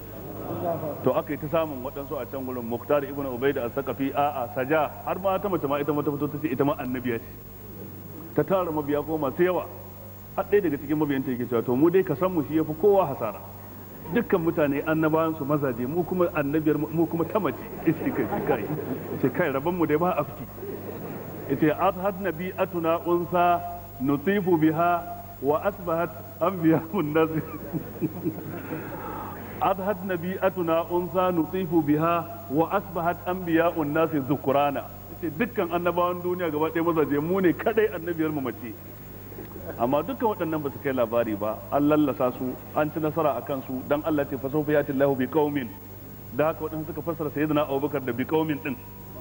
to aka yi ta samun waɗansu a can gurin Muktar ibn Ubaid al-Saqafi a a saja har ma ta mace ma ita ma ta fito ta ce ita ma annabiya ce ta tara mabiya ko masu yawa har ɗaya daga cikin mabiyanta yake cewa to mu dai ka san mu shi yafi kowa hasara dukkan mutane annabawan su mazaje mu kuma annabiyar mu kuma ta mace shi kai shi kai shi kai rabon dai ba afki yace azhad nabi atuna unsa nutifu biha wa asbahat anbiya'un nas azhad nabi atuna unsa nutifu biha wa asbahat anbiya'un nas zukurana yace dukkan annabawan duniya gaba ɗaya mazaje mu ne kadai annabiyar mu mace amma dukkan waɗannan ba su kai labari ba an lallasa su an ci nasara a kansu don Allah ce fa sawfa yati lahu bi kawmin da haka waɗansu suka fassara zina Abubakar da bi kawmin din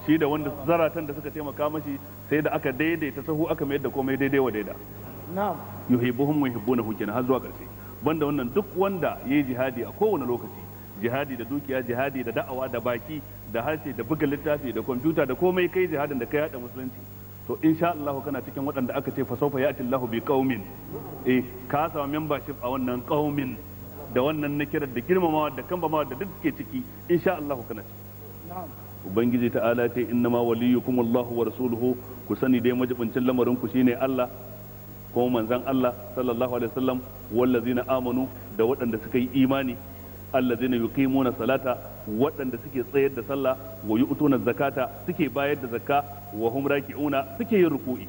shi da wanda zaratan da suka taimaka mashi sai da aka daidaita sahu aka mayar da komai daidai wa daida na'am yuhibbuhum wa yuhibbunahu kenan har zuwa ƙarshe banda wannan duk wanda yayi jihadi a kowane lokaci jihadi da dukiya jihadi da da'awa da baki da harshe da buga littafi da kwamfuta da komai kai jihadin da kai yaɗa musulunci to sha Allah kana cikin waɗanda aka ce fa sawfa ya'ti Allah bi qaumin eh ka samu membership a wannan qaumin da wannan nakirar da girmamawa da kambamawa da duk ke ciki sha Allah kana ciki ubangiji ta'ala ta inna ma waliyukum Allahu wa rasuluhu ku sani dai majibincin lamarin ku shine Allah ko manzon Allah sallallahu alaihi wasallam wallazina amanu da waɗanda suka yi imani allazina yuqimuna salata waɗanda suke tsayar da sallah wa yu'tuna zakata suke bayar da zakka wa hum raki'una suke yin ruku'i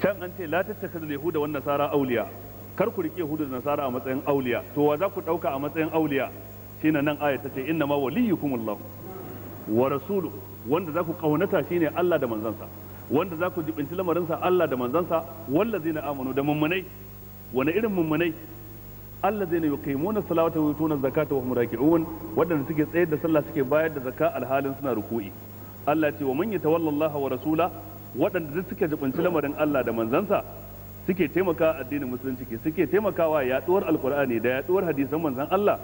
can an ce la tattakhidhu yahuda wan nasara awliya kar ku rike hudu da nasara a matsayin awliya to wa za ku dauka a matsayin awliya shine nan aya tace inna ma waliyukumullahu wa rasuluhu wanda za ku kaunata shine Allah da manzansa wanda za ku jibinci lamarinsa Allah da manzansa wallazina amanu da mummunai wani irin mummunai allazina yuqimuna salata wa yutuna zakata wa hum raki'un wadanda suke tsayar da sallah suke bayar da zakka alhalin suna ruku'i Allah ce wa man yatawalla Allah wa rasula wadanda duk suke lamarin Allah da manzansa suke taimaka addinin musulunci suke taimakawa yaduwar alqur'ani da yaduwar hadisan manzan Allah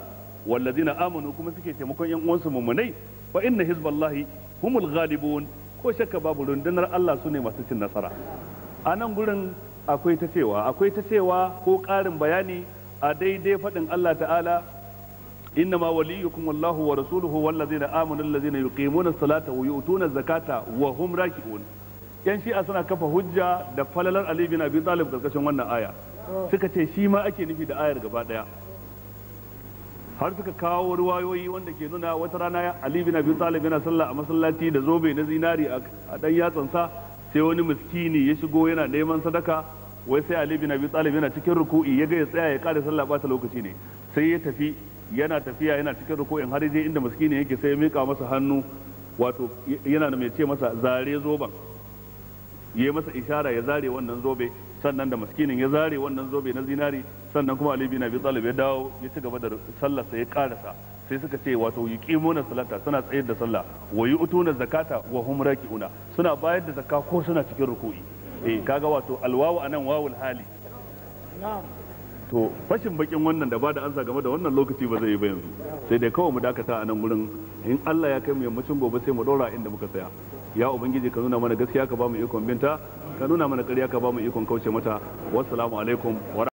wallazina amanu kuma suke taimakon yan uwansu mumunai fa inna hizballahi humul ghalibun ko shakka babu rundunar Allah sune masu cin nasara a nan gurin akwai ta cewa akwai ta cewa ko ƙarin bayani a daidai faɗin Allah ta'ala إنما وليكم الله ورسوله والذين آمنوا الذين يقيمون الصلاة zakata wa وهم راكعون yan shi suna kafa hujja da falalar Ali bin Abi Talib karkashin wannan aya suka ce shi ma ake nufi da ayar gaba daya har suka kawo ruwayoyi wanda ke nuna wata rana Ali bin Abi Talib yana sallah a masallaci da zobe na zinari a dan yatsansa sai wani miskini ya shigo yana neman sadaka wai sai Ali bin Abi Talib yana cikin ruku'i ga ya tsaya ya kare sallah ta lokaci ne sai ya tafi yana tafiya yana cikin ruku'in har je inda miskini yake sai ya mika masa hannu wato yana da mai ce masa zare zoban yayi masa ishara ya zare wannan zobe sannan da miskinin ya zare wannan zobe na zinari sannan kuma Ali bin Abi Talib ya dawo ya ci gaba da sallah sai ya karasa sai suka ce wato yuqimuna salata suna tsayar da sallah wa utuna zakata wa hum raki'una suna bayar da zakka ko suna cikin ruku'i eh kaga wato alwawu anan wawul hali to fashin bakin wannan da ba da ansa game da wannan lokaci ba zai yi ba yanzu sai dai kawai mu dakata a nan gurin in Allah ya kai mu yammacin gobe sai mu daura inda muka tsaya ya ubangiji ka nuna mana gaskiya ka ba mu ikon binta ka nuna mana ƙarya ka ba mu ikon kauce mata wassalamu alaikum wa